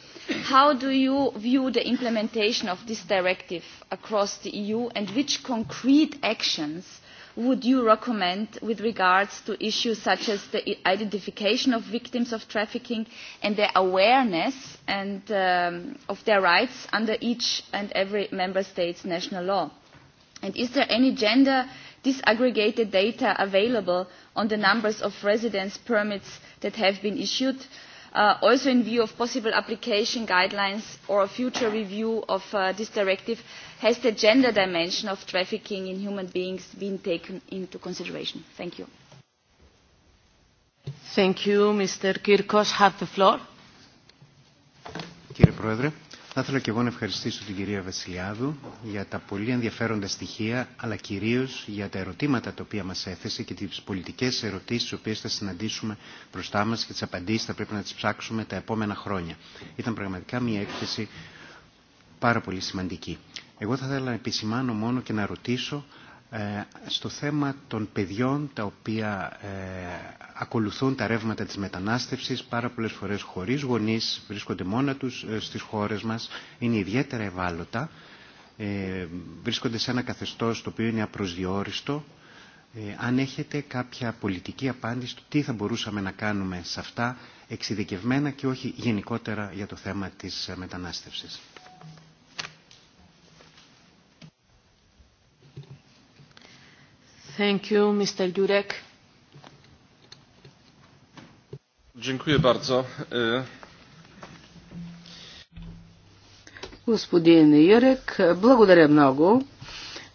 How do you view the implementation of this directive across the EU and which concrete actions would you recommend with regards to issues such as the identification of victims of trafficking and their awareness and, um, of their rights under each and every member state's national law? And is there any gender disaggregated data available on the numbers of residence permits that have been issued? also in view of possible application guidelines or a future review of this directive, has the gender dimension of trafficking in human beings been taken into consideration? Thank you. Thank you. Mr. have the floor. Θα ήθελα και εγώ να ευχαριστήσω την κυρία Βασιλιάδου για τα πολύ ενδιαφέροντα στοιχεία, αλλά κυρίως για τα ερωτήματα τα οποία μας έθεσε και τις πολιτικές ερωτήσεις τις οποίες θα συναντήσουμε μπροστά μας και τις απαντήσεις θα πρέπει να τις ψάξουμε τα επόμενα χρόνια. Ήταν πραγματικά μια έκθεση πάρα πολύ σημαντική. Εγώ θα ήθελα να επισημάνω μόνο και να ρωτήσω στο θέμα των παιδιών τα οποία ε, ακολουθούν τα ρεύματα της μετανάστευσης πάρα πολλές φορές χωρίς γονείς, βρίσκονται μόνα τους ε, στις χώρες μας, είναι ιδιαίτερα ευάλωτα, ε, βρίσκονται σε ένα καθεστώς το οποίο είναι απροσδιόριστο. Ε, αν έχετε κάποια πολιτική απάντηση του τι θα μπορούσαμε να κάνουμε σε αυτά εξειδικευμένα και όχι γενικότερα για το θέμα της μετανάστευσης. Господин Юрек, благодаря много.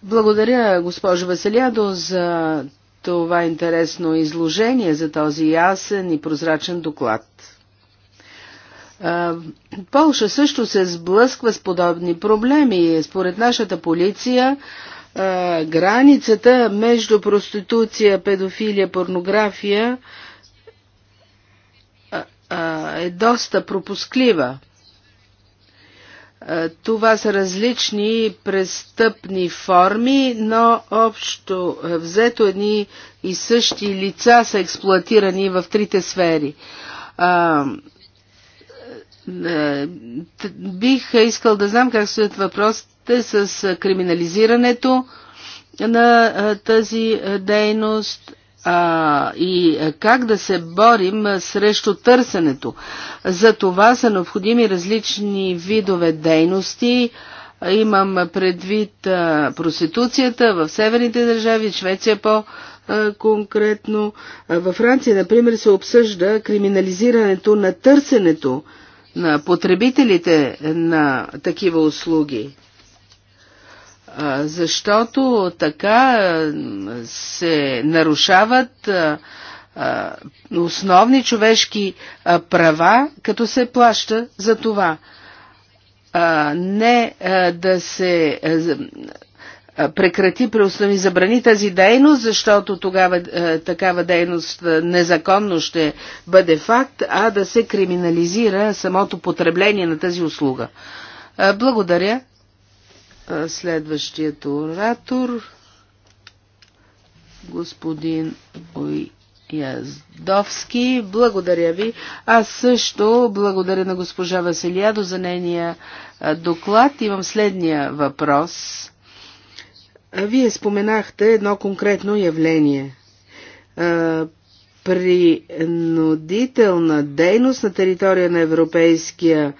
Благодаря, госпожо Василядо, за това интересно изложение, за този ясен и прозрачен доклад. Полша също се сблъсква с подобни проблеми. Според нашата полиция, а, границата между проституция, педофилия, порнография а, а, е доста пропусклива. Това са различни престъпни форми, но общо взето едни и същи лица са експлуатирани в трите сфери. Е, бих искал да знам как стоят въпросите с криминализирането на е, тази е, дейност а, и как да се борим срещу търсенето. За това са необходими различни видове дейности. Имам предвид проституцията в северните държави, Швеция по- конкретно. Във Франция, например, се обсъжда криминализирането на търсенето на потребителите на такива услуги. Защото така се нарушават основни човешки права, като се плаща за това. Не да се прекрати, преустанови, забрани тази дейност, защото тогава такава дейност незаконно ще бъде факт, а да се криминализира самото потребление на тази услуга. Благодаря. Следващият оратор, господин Ой. Яздовски. Благодаря ви. Аз също благодаря на госпожа Василиадо за нейния доклад. Имам следния въпрос. Вие споменахте едно конкретно явление. Принудителна дейност на територия на Европейския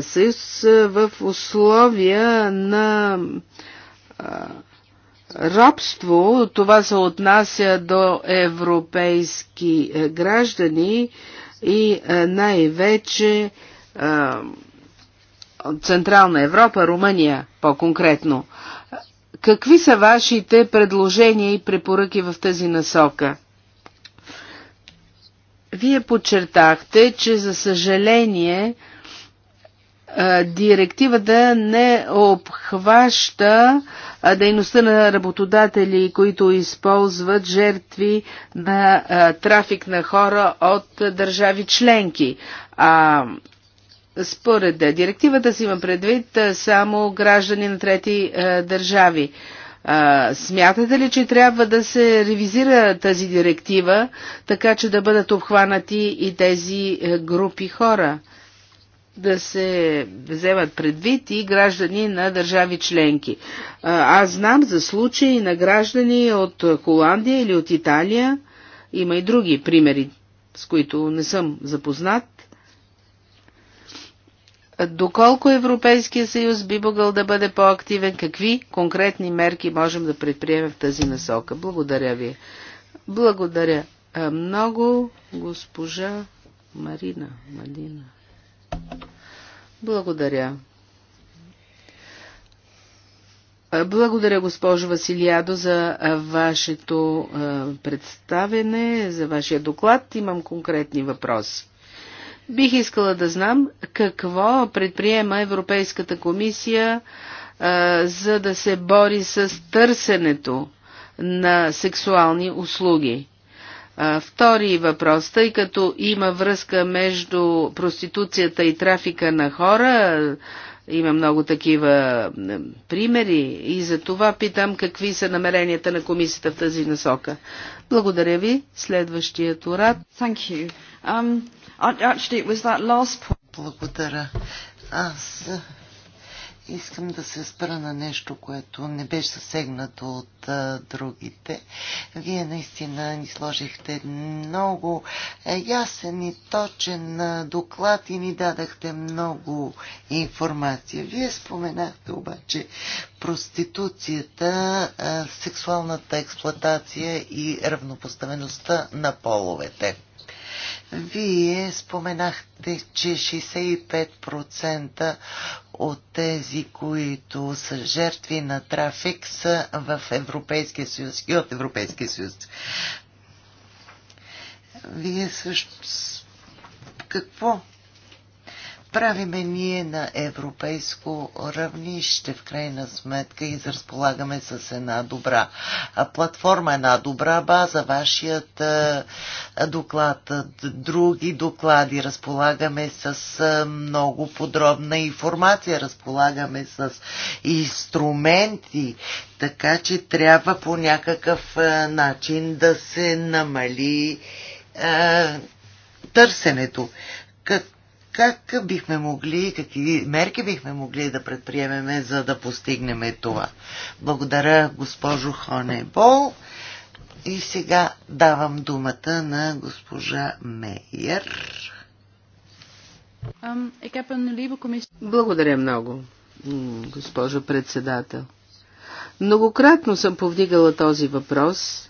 съюз в условия на рабство. Това се отнася до европейски граждани и най-вече Централна Европа, Румъния по-конкретно. Какви са вашите предложения и препоръки в тази насока? Вие подчертахте, че за съжаление директивата не обхваща дейността на работодатели, които използват жертви на трафик на хора от държави членки. А според директивата си има предвид само граждани на трети държави. Смятате ли, че трябва да се ревизира тази директива, така че да бъдат обхванати и тези групи хора? да се вземат предвид и граждани на държави членки. Аз знам за случаи на граждани от Холандия или от Италия. Има и други примери, с които не съм запознат. Доколко Европейския съюз би могъл да бъде по-активен, какви конкретни мерки можем да предприемем в тази насока? Благодаря ви. Благодаря много, госпожа Марина. Марина. Благодаря. Благодаря, госпожо Василиадо, за вашето представене, за вашия доклад. Имам конкретни въпроси. Бих искала да знам какво предприема Европейската комисия а, за да се бори с търсенето на сексуални услуги. А, втори въпрос, тъй като има връзка между проституцията и трафика на хора, има много такива примери и за това питам какви са намеренията на комисията в тази насока. Благодаря ви. Следващият урад. Thank you. Um... Actually, it was that last point. Благодаря. Аз искам да се спра на нещо, което не беше засегнато от а, другите. Вие наистина ни сложихте много ясен и точен доклад и ни дадахте много информация. Вие споменахте обаче проституцията, а, сексуалната експлоатация и равнопоставеността на половете. Вие споменахте, че 65% от тези, които са жертви на трафик, са в Европейския съюз и от Европейския съюз. Вие също какво правиме ние на европейско равнище, в крайна сметка, и разполагаме с една добра платформа, една добра база. Вашият доклад, други доклади, разполагаме с много подробна информация, разполагаме с инструменти, така че трябва по някакъв начин да се намали е, търсенето. Как, как бихме могли, какви мерки бихме могли да предприемеме, за да постигнем това? Благодаря, госпожо Хонебол. И сега давам думата на госпожа Мейер. Благодаря много, госпожо председател. Многократно съм повдигала този въпрос.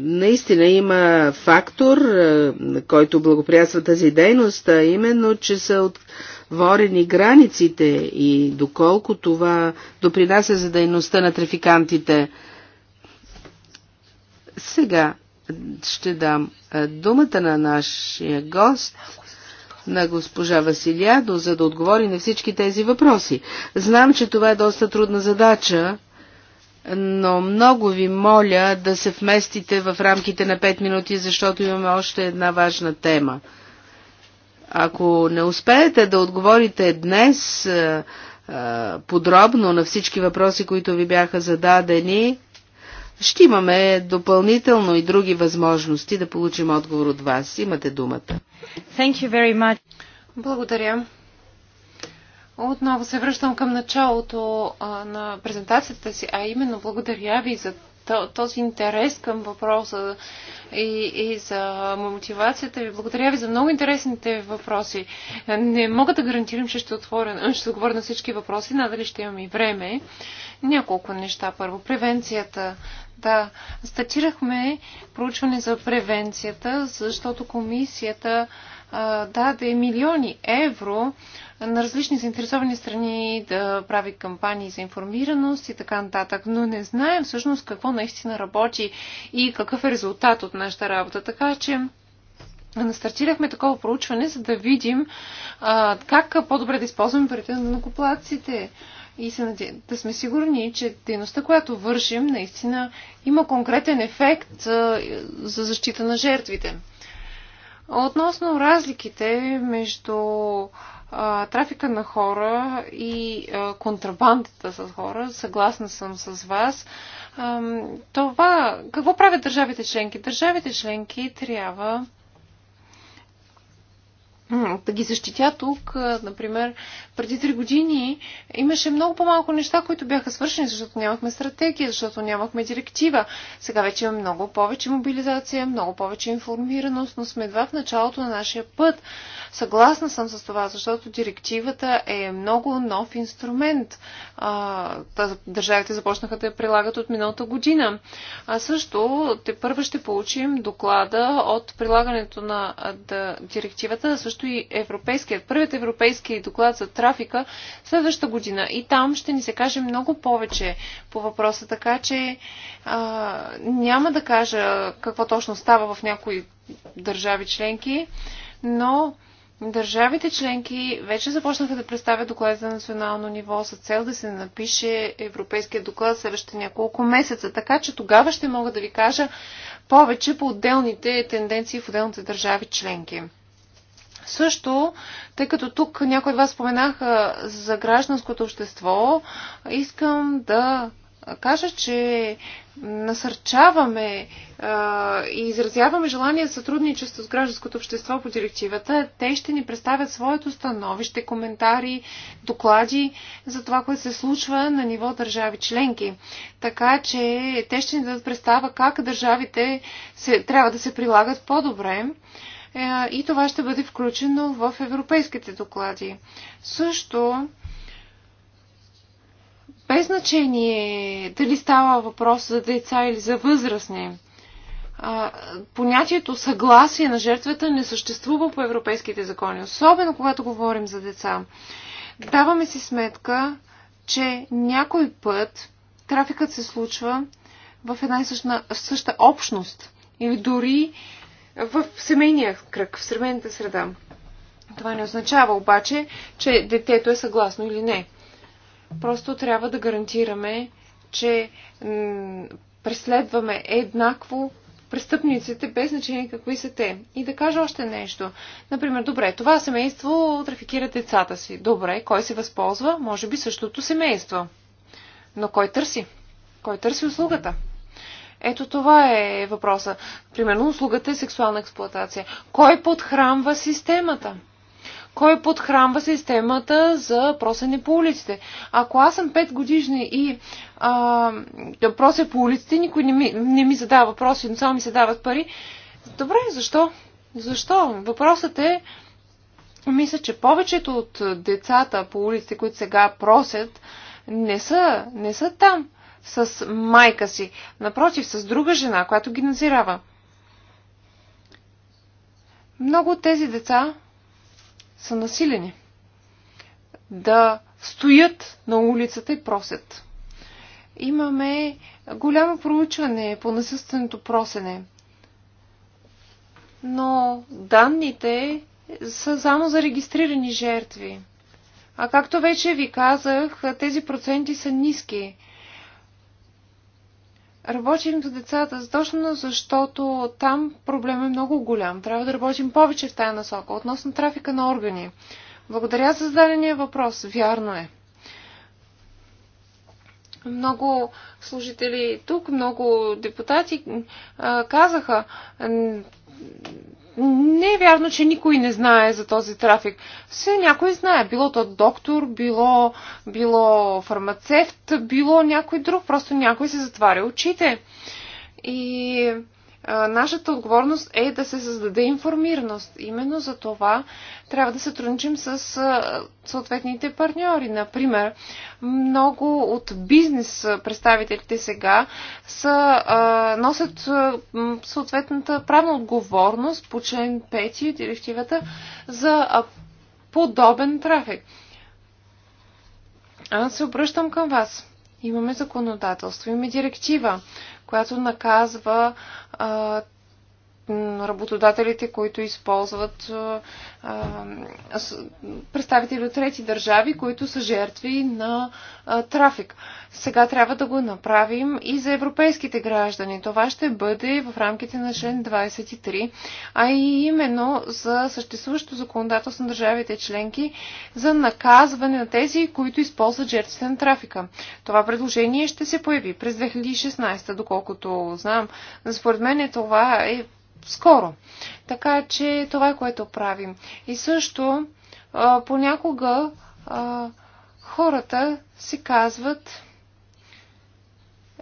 Наистина има фактор, който благоприятства тази дейност, а именно, че са от Ворени границите и доколко това допринася за дейността на трафикантите. Сега ще дам думата на нашия гост, на госпожа Василиадо, за да отговори на всички тези въпроси. Знам, че това е доста трудна задача, но много ви моля да се вместите в рамките на 5 минути, защото имаме още една важна тема. Ако не успеете да отговорите днес е, е, подробно на всички въпроси, които ви бяха зададени, ще имаме допълнително и други възможности да получим отговор от вас. Имате думата. Thank you very much. Благодаря. Отново се връщам към началото а, на презентацията си, а именно благодаря ви за този интерес към въпроса и, и за мотивацията ви. Благодаря ви за много интересните въпроси. Не мога да гарантирам, че ще, отворя, ще отговоря на всички въпроси, надали ще имам и време. Няколко неща. Първо, превенцията. Да, статирахме проучване за превенцията, защото комисията даде милиони евро на различни заинтересовани страни да прави кампании за информираност и така нататък. Но не знаем всъщност какво наистина работи и какъв е резултат от нашата работа. Така че настартирахме такова проучване, за да видим а, как по-добре да използваме парите на накоплаците и се наде... да сме сигурни, че дейността, която вършим, наистина има конкретен ефект а, за защита на жертвите. Относно разликите между а, трафика на хора и а, контрабандата с хора, съгласна съм с вас. А, това, какво правят държавите членки? Държавите членки трябва да ги защитя тук, например, преди три години имаше много по-малко неща, които бяха свършени, защото нямахме стратегия, защото нямахме директива. Сега вече има много повече мобилизация, много повече информираност, но сме едва в началото на нашия път. Съгласна съм с това, защото директивата е много нов инструмент. Държавите започнаха да я прилагат от миналата година. А също те първо ще получим доклада от прилагането на директивата, също и европейският, първият европейски доклад за трафика следващата година. И там ще ни се каже много повече по въпроса, така че а, няма да кажа какво точно става в някои държави членки, но Държавите членки вече започнаха да представят доклади за национално ниво с цел да се напише европейския доклад следващите няколко месеца. Така че тогава ще мога да ви кажа повече по отделните тенденции в отделните държави членки. Също, тъй като тук някой от вас споменаха за гражданското общество, искам да кажа, че насърчаваме а, и изразяваме желание за сътрудничество с гражданското общество по директивата. Те ще ни представят своето становище, коментари, доклади за това, което се случва на ниво държави членки. Така че те ще ни дадат представа как държавите се, трябва да се прилагат по-добре. Е, и това ще бъде включено в европейските доклади. Също без значение дали става въпрос за деца или за възрастни, понятието съгласие на жертвата не съществува по европейските закони, особено когато говорим за деца. Даваме си сметка, че някой път трафикът се случва в една и съща, съща общност или дори в семейния кръг, в семейната среда. Това не означава обаче, че детето е съгласно или не. Просто трябва да гарантираме, че преследваме еднакво престъпниците, без значение какви са те. И да кажа още нещо. Например, добре, това семейство трафикира децата си. Добре, кой се възползва? Може би същото семейство. Но кой търси? Кой търси услугата? Ето това е въпроса. Примерно услугата е сексуална експлуатация. Кой подхранва системата? Кой подхранва системата за просене по улиците? Ако аз съм 5 годишни и а, прося по улиците, никой не ми, не ми задава въпроси, но само ми се дават пари. Добре, защо? Защо? Въпросът е, мисля, че повечето от децата по улиците, които сега просят, не са, не са там с майка си, напротив, с друга жена, която ги назирава. Много от тези деца са насилени да стоят на улицата и просят. Имаме голямо проучване по насилственото просене. Но данните са само за регистрирани жертви. А както вече ви казах, тези проценти са ниски работим за децата, точно защото там проблем е много голям. Трябва да работим повече в тая насока, относно трафика на органи. Благодаря за зададения въпрос. Вярно е. Много служители тук, много депутати казаха, не е вярно, че никой не знае за този трафик. Все някой знае. Било то доктор, било, било фармацевт, било някой друг. Просто някой се затваря очите. И нашата отговорност е да се създаде информираност. Именно за това трябва да сътрудничим с съответните партньори. Например, много от бизнес представителите сега са, носят съответната правна отговорност по член 5 от директивата за подобен трафик. Аз се обръщам към вас. Имаме законодателство, имаме директива която наказва а, работодателите, които използват представители от трети държави, които са жертви на трафик. Сега трябва да го направим и за европейските граждани. Това ще бъде в рамките на член 23, а и именно за съществуващото законодателство на държавите членки за наказване на тези, които използват жертвите на трафика. Това предложение ще се появи през 2016, доколкото знам. Според мен е това е скоро. Така че това е което правим. И също а, понякога а, хората си казват,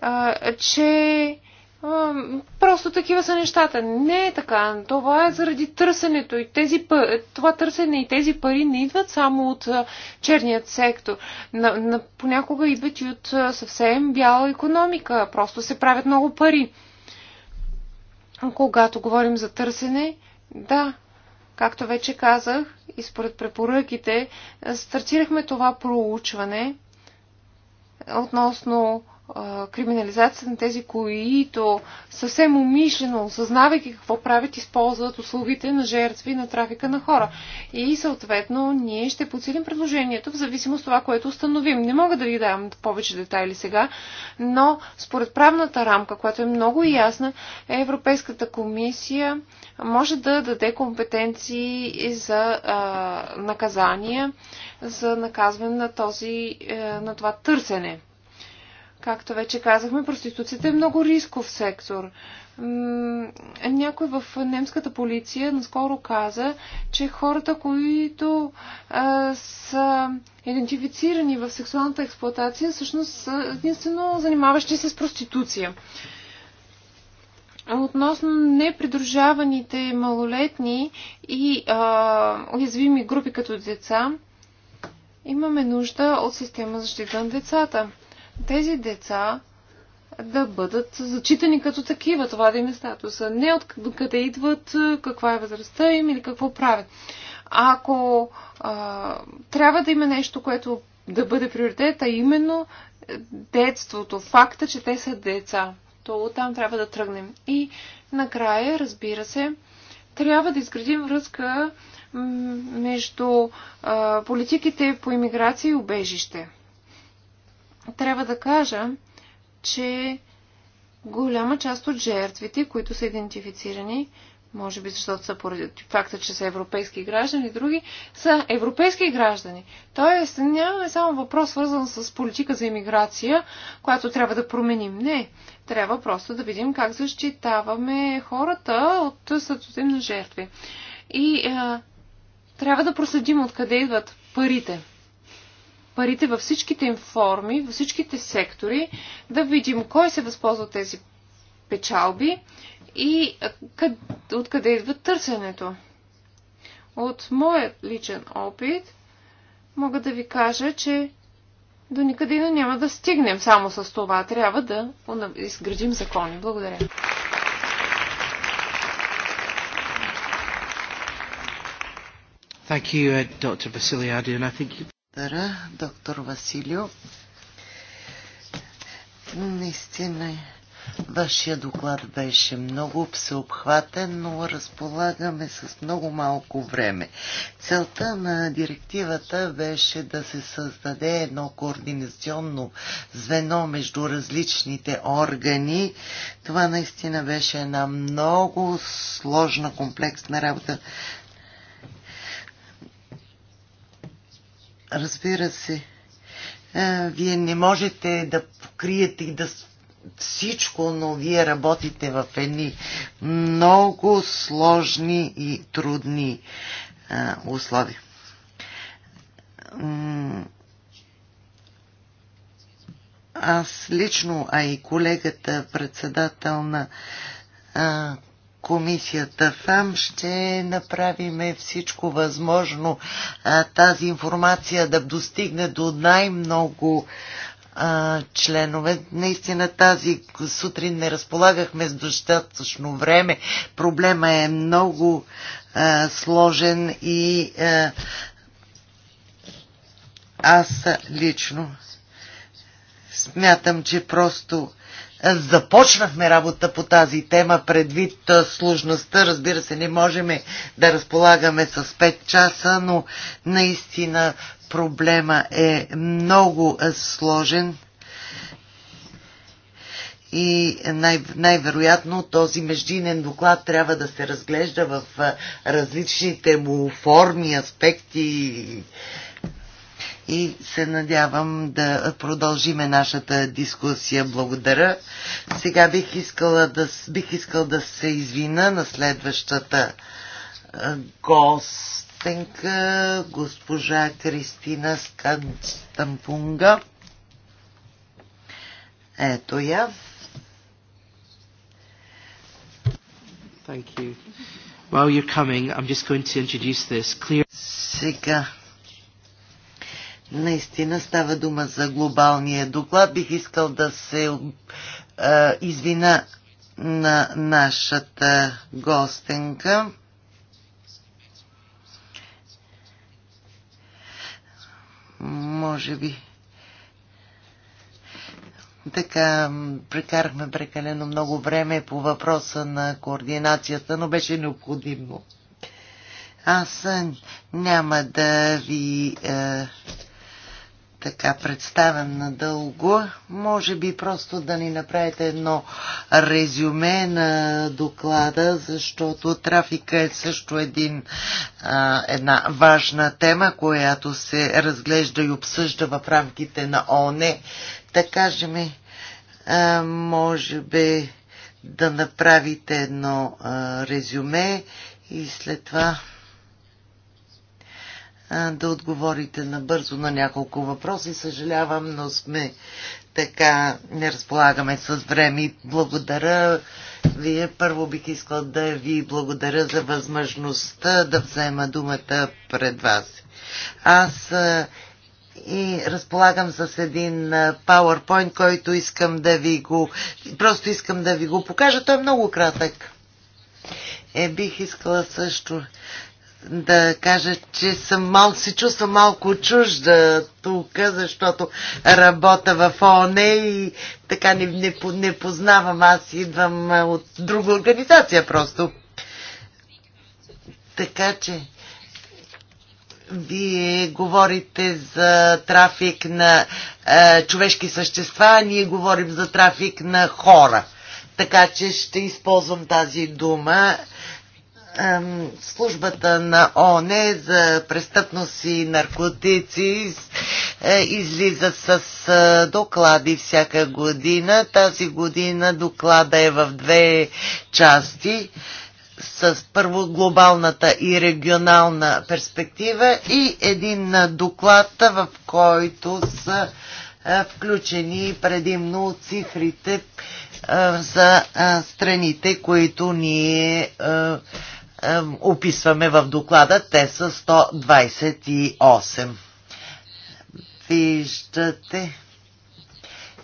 а, че а, просто такива са нещата. Не е така. Това е заради търсенето и тези, това търсене и тези пари не идват само от а, черният сектор. На, на, понякога идват и от а, съвсем бяла економика. Просто се правят много пари когато говорим за търсене, да, както вече казах и според препоръките, стартирахме това проучване относно криминализация на тези, които съвсем умишлено, осъзнавайки какво правят, използват услугите на жертви на трафика на хора. И съответно ние ще подсилим предложението в зависимост от това, което установим. Не мога да ви давам повече детайли сега, но според правната рамка, която е много ясна, Европейската комисия може да даде компетенции за а, наказания, за наказване на, този, е, на това търсене. Както вече казахме, проституцията е много рисков сектор. Някой в немската полиция наскоро каза, че хората, които а, са идентифицирани в сексуалната експлоатация, всъщност са единствено занимаващи се с проституция. Относно непридружаваните малолетни и а, уязвими групи като деца, имаме нужда от система защита на децата тези деца да бъдат зачитани като такива. Това да им е статуса. Не от къде идват, каква е възрастта им или какво правят. Ако а, трябва да има нещо, което да бъде приоритет, а именно е, детството, факта, че те са деца. То там трябва да тръгнем. И накрая, разбира се, трябва да изградим връзка между а, политиките по иммиграция и убежище трябва да кажа, че голяма част от жертвите, които са идентифицирани, може би защото са поради факта, че са европейски граждани и други, са европейски граждани. Тоест, нямаме само въпрос, свързан с политика за иммиграция, която трябва да променим. Не, трябва просто да видим как защитаваме хората от статута на жертви. И а, трябва да проследим откъде идват парите парите във всичките им форми, във всичките сектори, да видим кой се възползва от тези печалби и откъде идва търсенето. От моят личен опит мога да ви кажа, че до никъде и няма да стигнем само с това. Трябва да изградим закони. Благодаря. Thank you, uh, Dr. Vasiliadou, and I think you... Благодаря, доктор Василио. Наистина, вашия доклад беше много всеобхватен, но разполагаме с много малко време. Целта на директивата беше да се създаде едно координационно звено между различните органи. Това наистина беше една много сложна, комплексна работа. Разбира се. Вие не можете да покриете и да всичко, но вие работите в едни много сложни и трудни а, условия. Аз лично, а и колегата, председател на а, комисията ФАМ ще направиме всичко възможно а, тази информация да достигне до най-много членове. Наистина тази сутрин не разполагахме с достатъчно време. Проблема е много а, сложен и а, аз лично смятам, че просто започнахме работа по тази тема предвид сложността. Разбира се, не можем да разполагаме с 5 часа, но наистина проблема е много сложен и най- най-вероятно този междинен доклад трябва да се разглежда в различните му форми, аспекти и се надявам да продължиме нашата дискусия. Благодаря. Сега бих, искала да, бих искал да се извина на следващата е, гостенка, госпожа Кристина Скантампунга. Ето я. Thank you. While you're coming, I'm just going to introduce this clear... Сега Наистина става дума за глобалния доклад. Бих искал да се а, е, извина на нашата гостенка. Може би така прекарахме прекалено много време по въпроса на координацията, но беше необходимо. Аз няма да ви е, така представен надълго. Може би просто да ни направите едно резюме на доклада, защото трафика е също един, а, една важна тема, която се разглежда и обсъжда в рамките на ОНЕ. Да кажем, а, може би да направите едно а, резюме и след това да отговорите набързо на няколко въпроси. Съжалявам, но сме така, не разполагаме с време. Благодаря. Вие първо бих искал да ви благодаря за възможността да взема думата пред вас. Аз и разполагам с един PowerPoint, който искам да ви го... Просто искам да ви го покажа. Той е много кратък. Е, бих искала също да кажа, че съм мал, се чувствам малко чужда тук, защото работя в ООН и така не, не, не познавам. Аз идвам от друга организация просто. Така че, вие говорите за трафик на е, човешки същества, а ние говорим за трафик на хора. Така че ще използвам тази дума службата на ООН за престъпност и наркотици е, излиза с е, доклади всяка година. Тази година доклада е в две части с първо глобалната и регионална перспектива и един доклад, в който са е, включени предимно цифрите за страните, които ние описваме в доклада. Те са 128. Виждате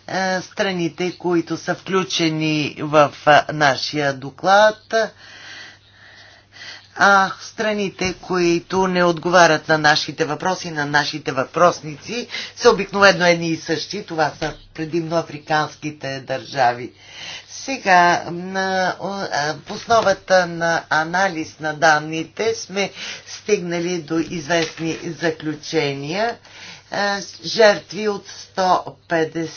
е, страните, които са включени в е, нашия доклад а страните, които не отговарят на нашите въпроси, на нашите въпросници, са обикновено едни и същи. Това са предимно африканските държави. Сега, на основата на анализ на данните сме стигнали до известни заключения. Жертви от 150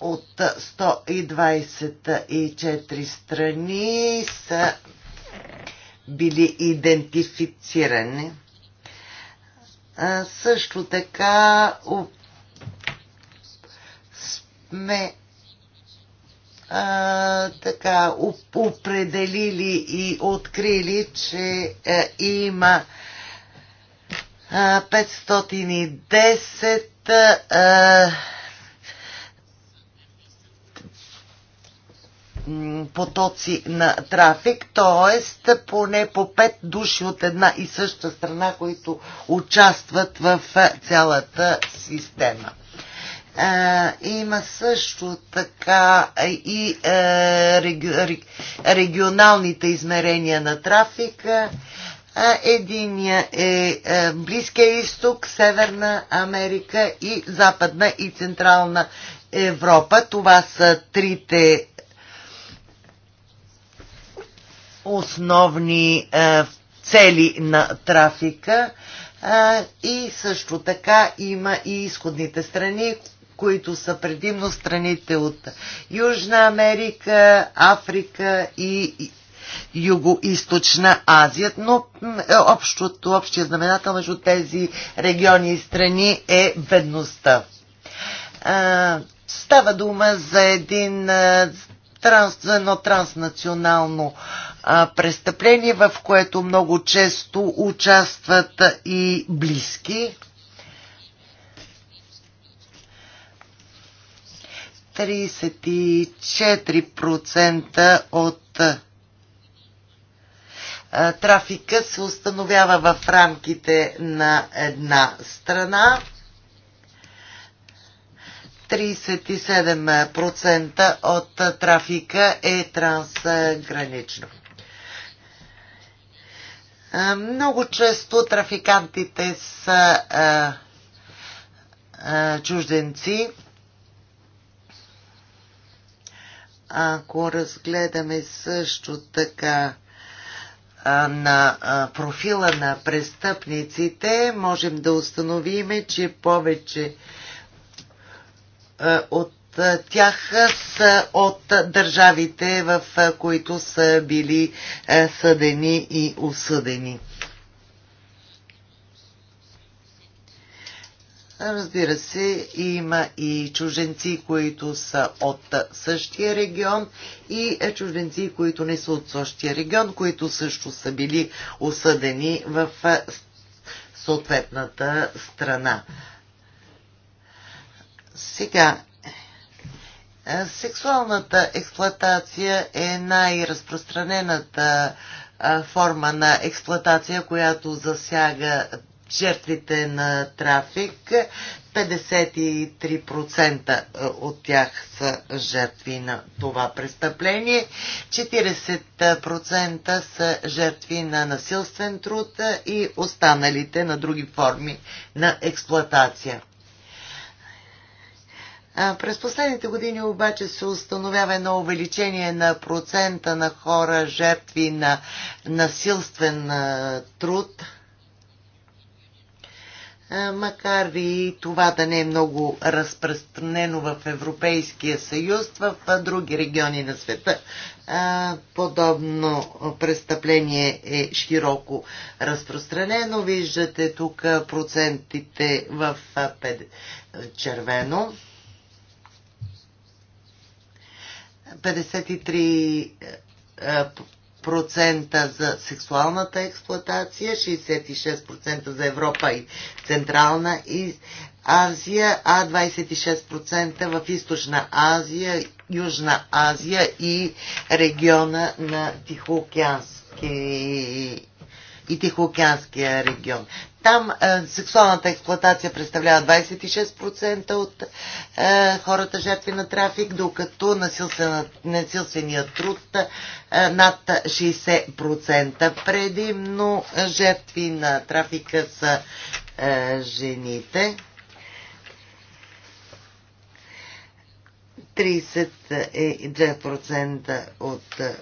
от 124 страни са били идентифицирани. също така сме а, така определили и открили, че а, е, има а, 510 а, потоци на трафик, т.е. поне по 5 души от една и съща страна, които участват в цялата система. Има също така и регионалните измерения на трафика. Единия е Близкия изток, Северна Америка и Западна и Централна Европа. Това са трите основни е, цели на трафика е, и също така има и изходните страни, които са предимно страните от Южна Америка, Африка и Юго-Источна Азия, но е, общото, общия знаменател между тези региони и страни е бедността. Става дума за един транс, едно транснационално престъпление, в което много често участват и близки. 34% от трафика се установява в рамките на една страна. 37% от трафика е трансгранично. Много често трафикантите са а, а, чужденци. Ако разгледаме също така а, на а, профила на престъпниците, можем да установим, че повече а, от е, тях са от държавите, в е, които са били е, съдени и осъдени. Разбира се, има и чуженци, които са от същия регион и чужденци, които не са от същия регион, които също са били осъдени в съответната страна. Сега, Сексуалната експлоатация е най-разпространената форма на експлоатация, която засяга жертвите на трафик. 53% от тях са жертви на това престъпление, 40% са жертви на насилствен труд и останалите на други форми на експлоатация. През последните години обаче се установява едно увеличение на процента на хора жертви на насилствен труд, макар и това да не е много разпространено в Европейския съюз, в други региони на света подобно престъпление е широко разпространено. Виждате тук процентите в червено. 53% за сексуалната експлоатация, 66% за Европа и Централна и Азия, а 26% в Източна Азия, Южна Азия и региона на Тихоокеански и Тихоокеанския регион. Там е, сексуалната експлоатация представлява 26% от е, хората жертви на трафик, докато насилствения насилственият труд е, над 60%. Предимно е, жертви на трафика са е, жените. 32% от е,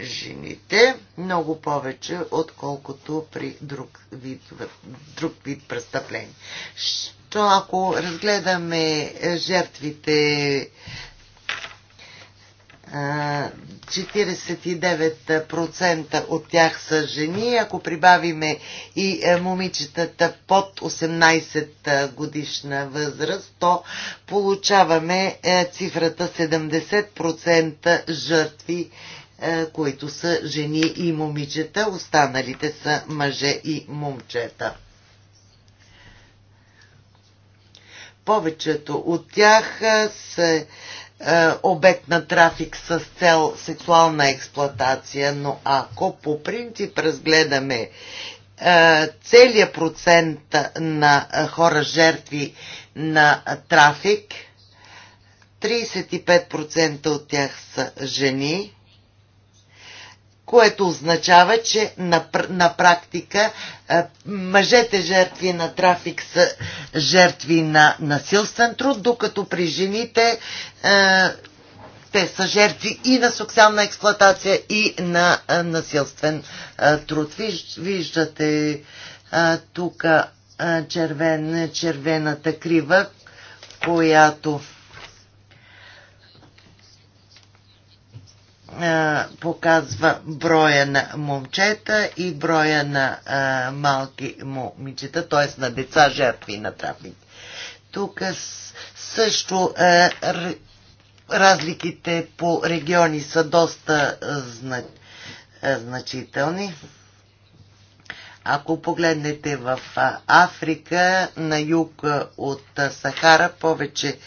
жените много повече, отколкото при друг вид, друг вид престъпление. Що ако разгледаме жертвите 49% от тях са жени, ако прибавиме и е, момичетата под 18 е, годишна възраст, то получаваме е, цифрата 70% жертви е, които са жени и момичета, останалите са мъже и момчета. Повечето от тях е, са е, обект на трафик с цел сексуална експлоатация, но ако по принцип разгледаме целият процент на хора жертви на трафик, 35% от тях са жени, което означава, че на, на практика е, мъжете жертви на трафик са жертви на насилствен труд, докато при жените е, те са жертви и на сексуална експлоатация, и на е, насилствен труд. Виждате тук червен, червената крива, която показва броя на момчета и броя на а, малки момичета, т.е. на деца жертви на трафик. Тук също а, разликите по региони са доста а, значителни. Ако погледнете в Африка, на юг от Сахара, повече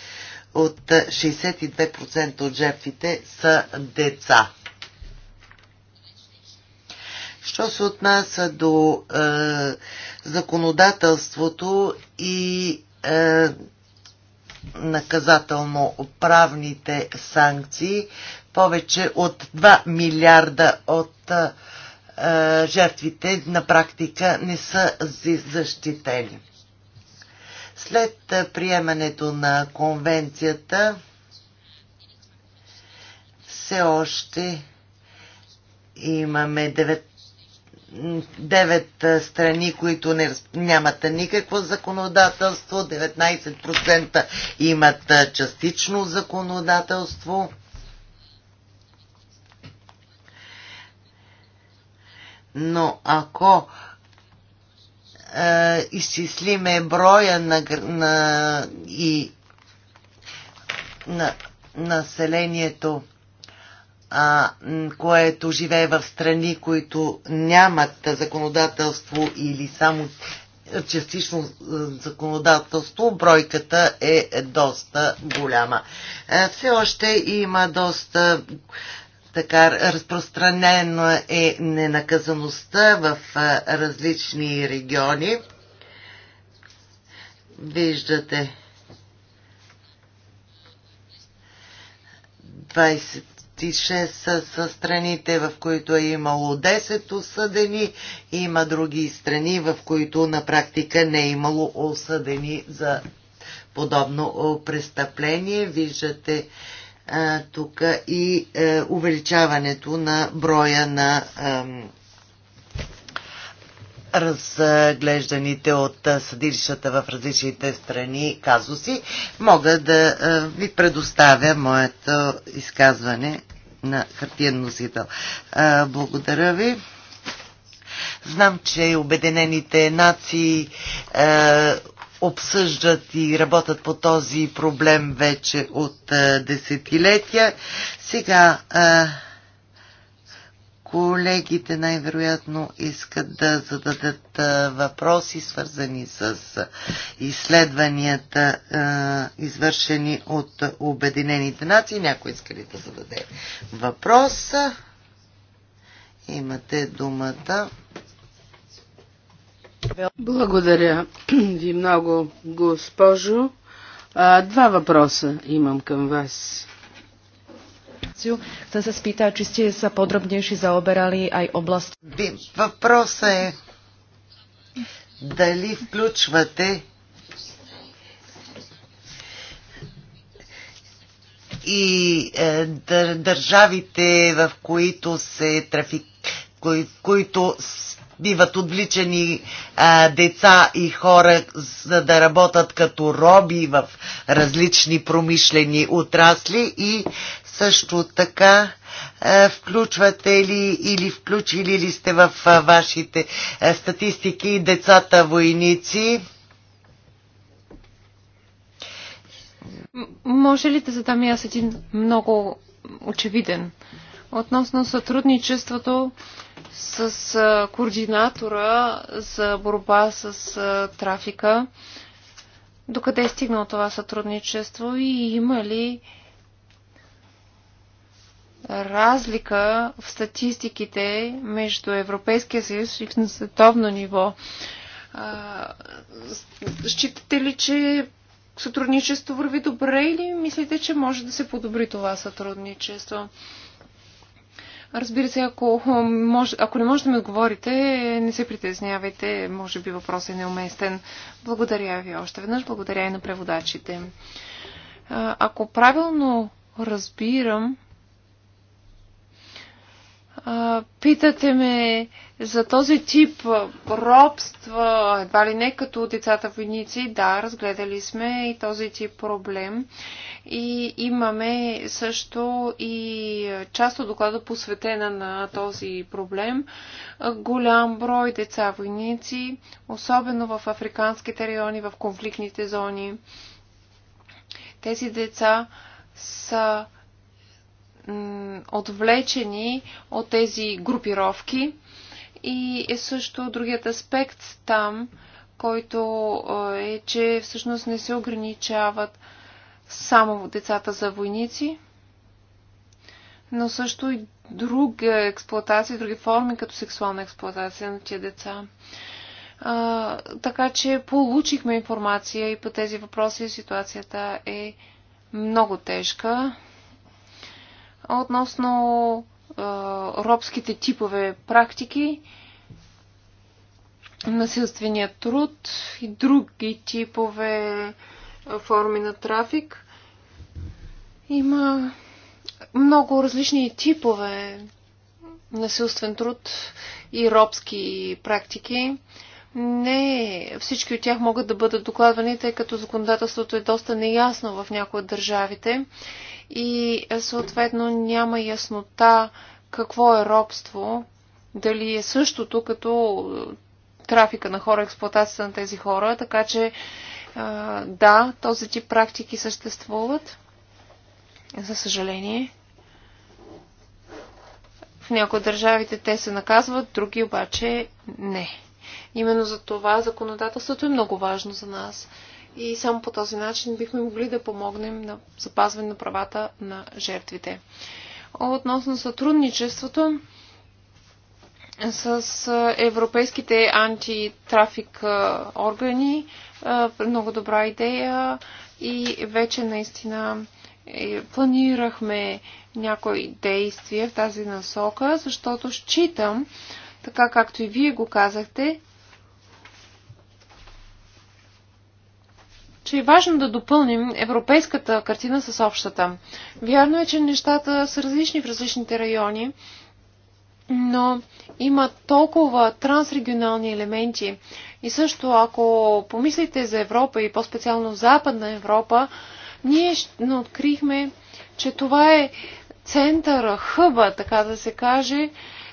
от 62% е, от жертвите са деца. Що се отнася до е, законодателството и е, наказателно-правните санкции, повече от 2 милиарда от е, е, жертвите на практика не са защитени. След приемането на конвенцията все още имаме 9 9 страни, които не, нямат никакво законодателство, 19% имат частично законодателство. Но ако е, изчислиме броя на, на, и, на населението, а, което живее в страни, които нямат законодателство или само е, частично е, законодателство, бройката е доста голяма. Все още има доста така разпространена е ненаказаността в различни региони. Виждате 26 са, са страните, в които е имало 10 осъдени, има други страни, в които на практика не е имало осъдени за подобно престъпление. Виждате тук и е, увеличаването на броя на разглежданите от съдилищата в различните страни казуси, мога да ви предоставя моето изказване на хартиен носител. Благодаря ви. Знам, че Обединените нации обсъждат и работят по този проблем вече от а, десетилетия. Сега а, колегите най-вероятно искат да зададат а, въпроси, свързани с изследванията, а, извършени от Обединените нации. Някой иска ли да зададе въпрос? Имате думата. Благодаря ви много, госпожо. А, Два въпроса имам към вас. Chcem се спита, че сте са подробнейши заоберали ай област. Въпросът е дали включвате и е, държавите, в които се трафик, кои, които биват отвличани а, деца и хора, за да работят като роби в различни промишлени отрасли и също така включвате ли или включили ли сте в вашите статистики децата войници? Може ли да задам аз един много очевиден относно сътрудничеството с координатора за борба с трафика. Докъде е стигнало това сътрудничество и има ли разлика в статистиките между Европейския съюз и на световно ниво? Считате ли, че сътрудничество върви добре или мислите, че може да се подобри това сътрудничество? Разбира се, ако, мож, ако не можете да ми отговорите, не се притеснявайте, може би въпросът е неуместен. Благодаря ви още веднъж, благодаря и на преводачите. Ако правилно разбирам, питате ме за този тип робства, едва ли не като децата войници, да, разгледали сме и този тип проблем. И имаме също и част от доклада посветена на този проблем. Голям брой деца войници, особено в африканските райони, в конфликтните зони. Тези деца са отвлечени от тези групировки. И е също другият аспект там, който е, че всъщност не се ограничават само децата за войници, но също и друга експлоатация, други форми, като сексуална експлоатация на тези деца. А, така че получихме информация и по тези въпроси ситуацията е много тежка. Относно а, робските типове практики, насилственият труд и други типове форми на трафик. Има много различни типове насилствен труд и робски практики. Не всички от тях могат да бъдат докладвани, тъй като законодателството е доста неясно в някои от държавите и съответно няма яснота какво е робство, дали е същото като трафика на хора, експлуатацията на тези хора, така че да, този тип практики съществуват. За съжаление. В някои от държавите те се наказват, други обаче не. Именно за това законодателството е много важно за нас. И само по този начин бихме могли да помогнем на запазване на правата на жертвите. Относно сътрудничеството с европейските антитрафик органи, много добра идея и вече наистина е, планирахме някои действия в тази насока, защото считам, така както и вие го казахте, че е важно да допълним европейската картина с общата. Вярно е, че нещата са различни в различните райони но има толкова трансрегионални елементи. И също, ако помислите за Европа и по-специално Западна Европа, ние открихме, че това е центъра, хъба, така да се каже,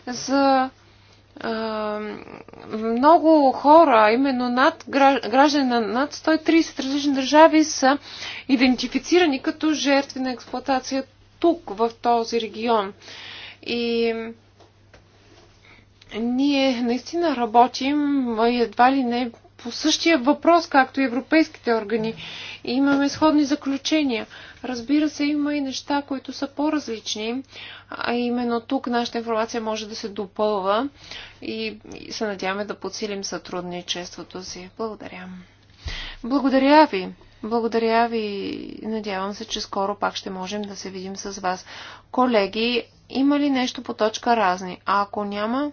за е, много хора, именно над граждани на над 130 различни държави са идентифицирани като жертви на експлоатация тук, в този регион. И ние наистина работим едва ли не по същия въпрос, както и европейските органи. И имаме сходни заключения. Разбира се, има и неща, които са по-различни, а именно тук нашата информация може да се допълва и се надяваме да подсилим сътрудничеството си. Благодаря. Благодаря ви. Благодаря ви. Надявам се, че скоро пак ще можем да се видим с вас. Колеги, има ли нещо по точка разни? А ако няма,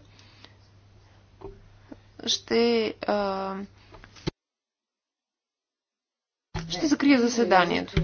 ще, а, ще закрия заседанието.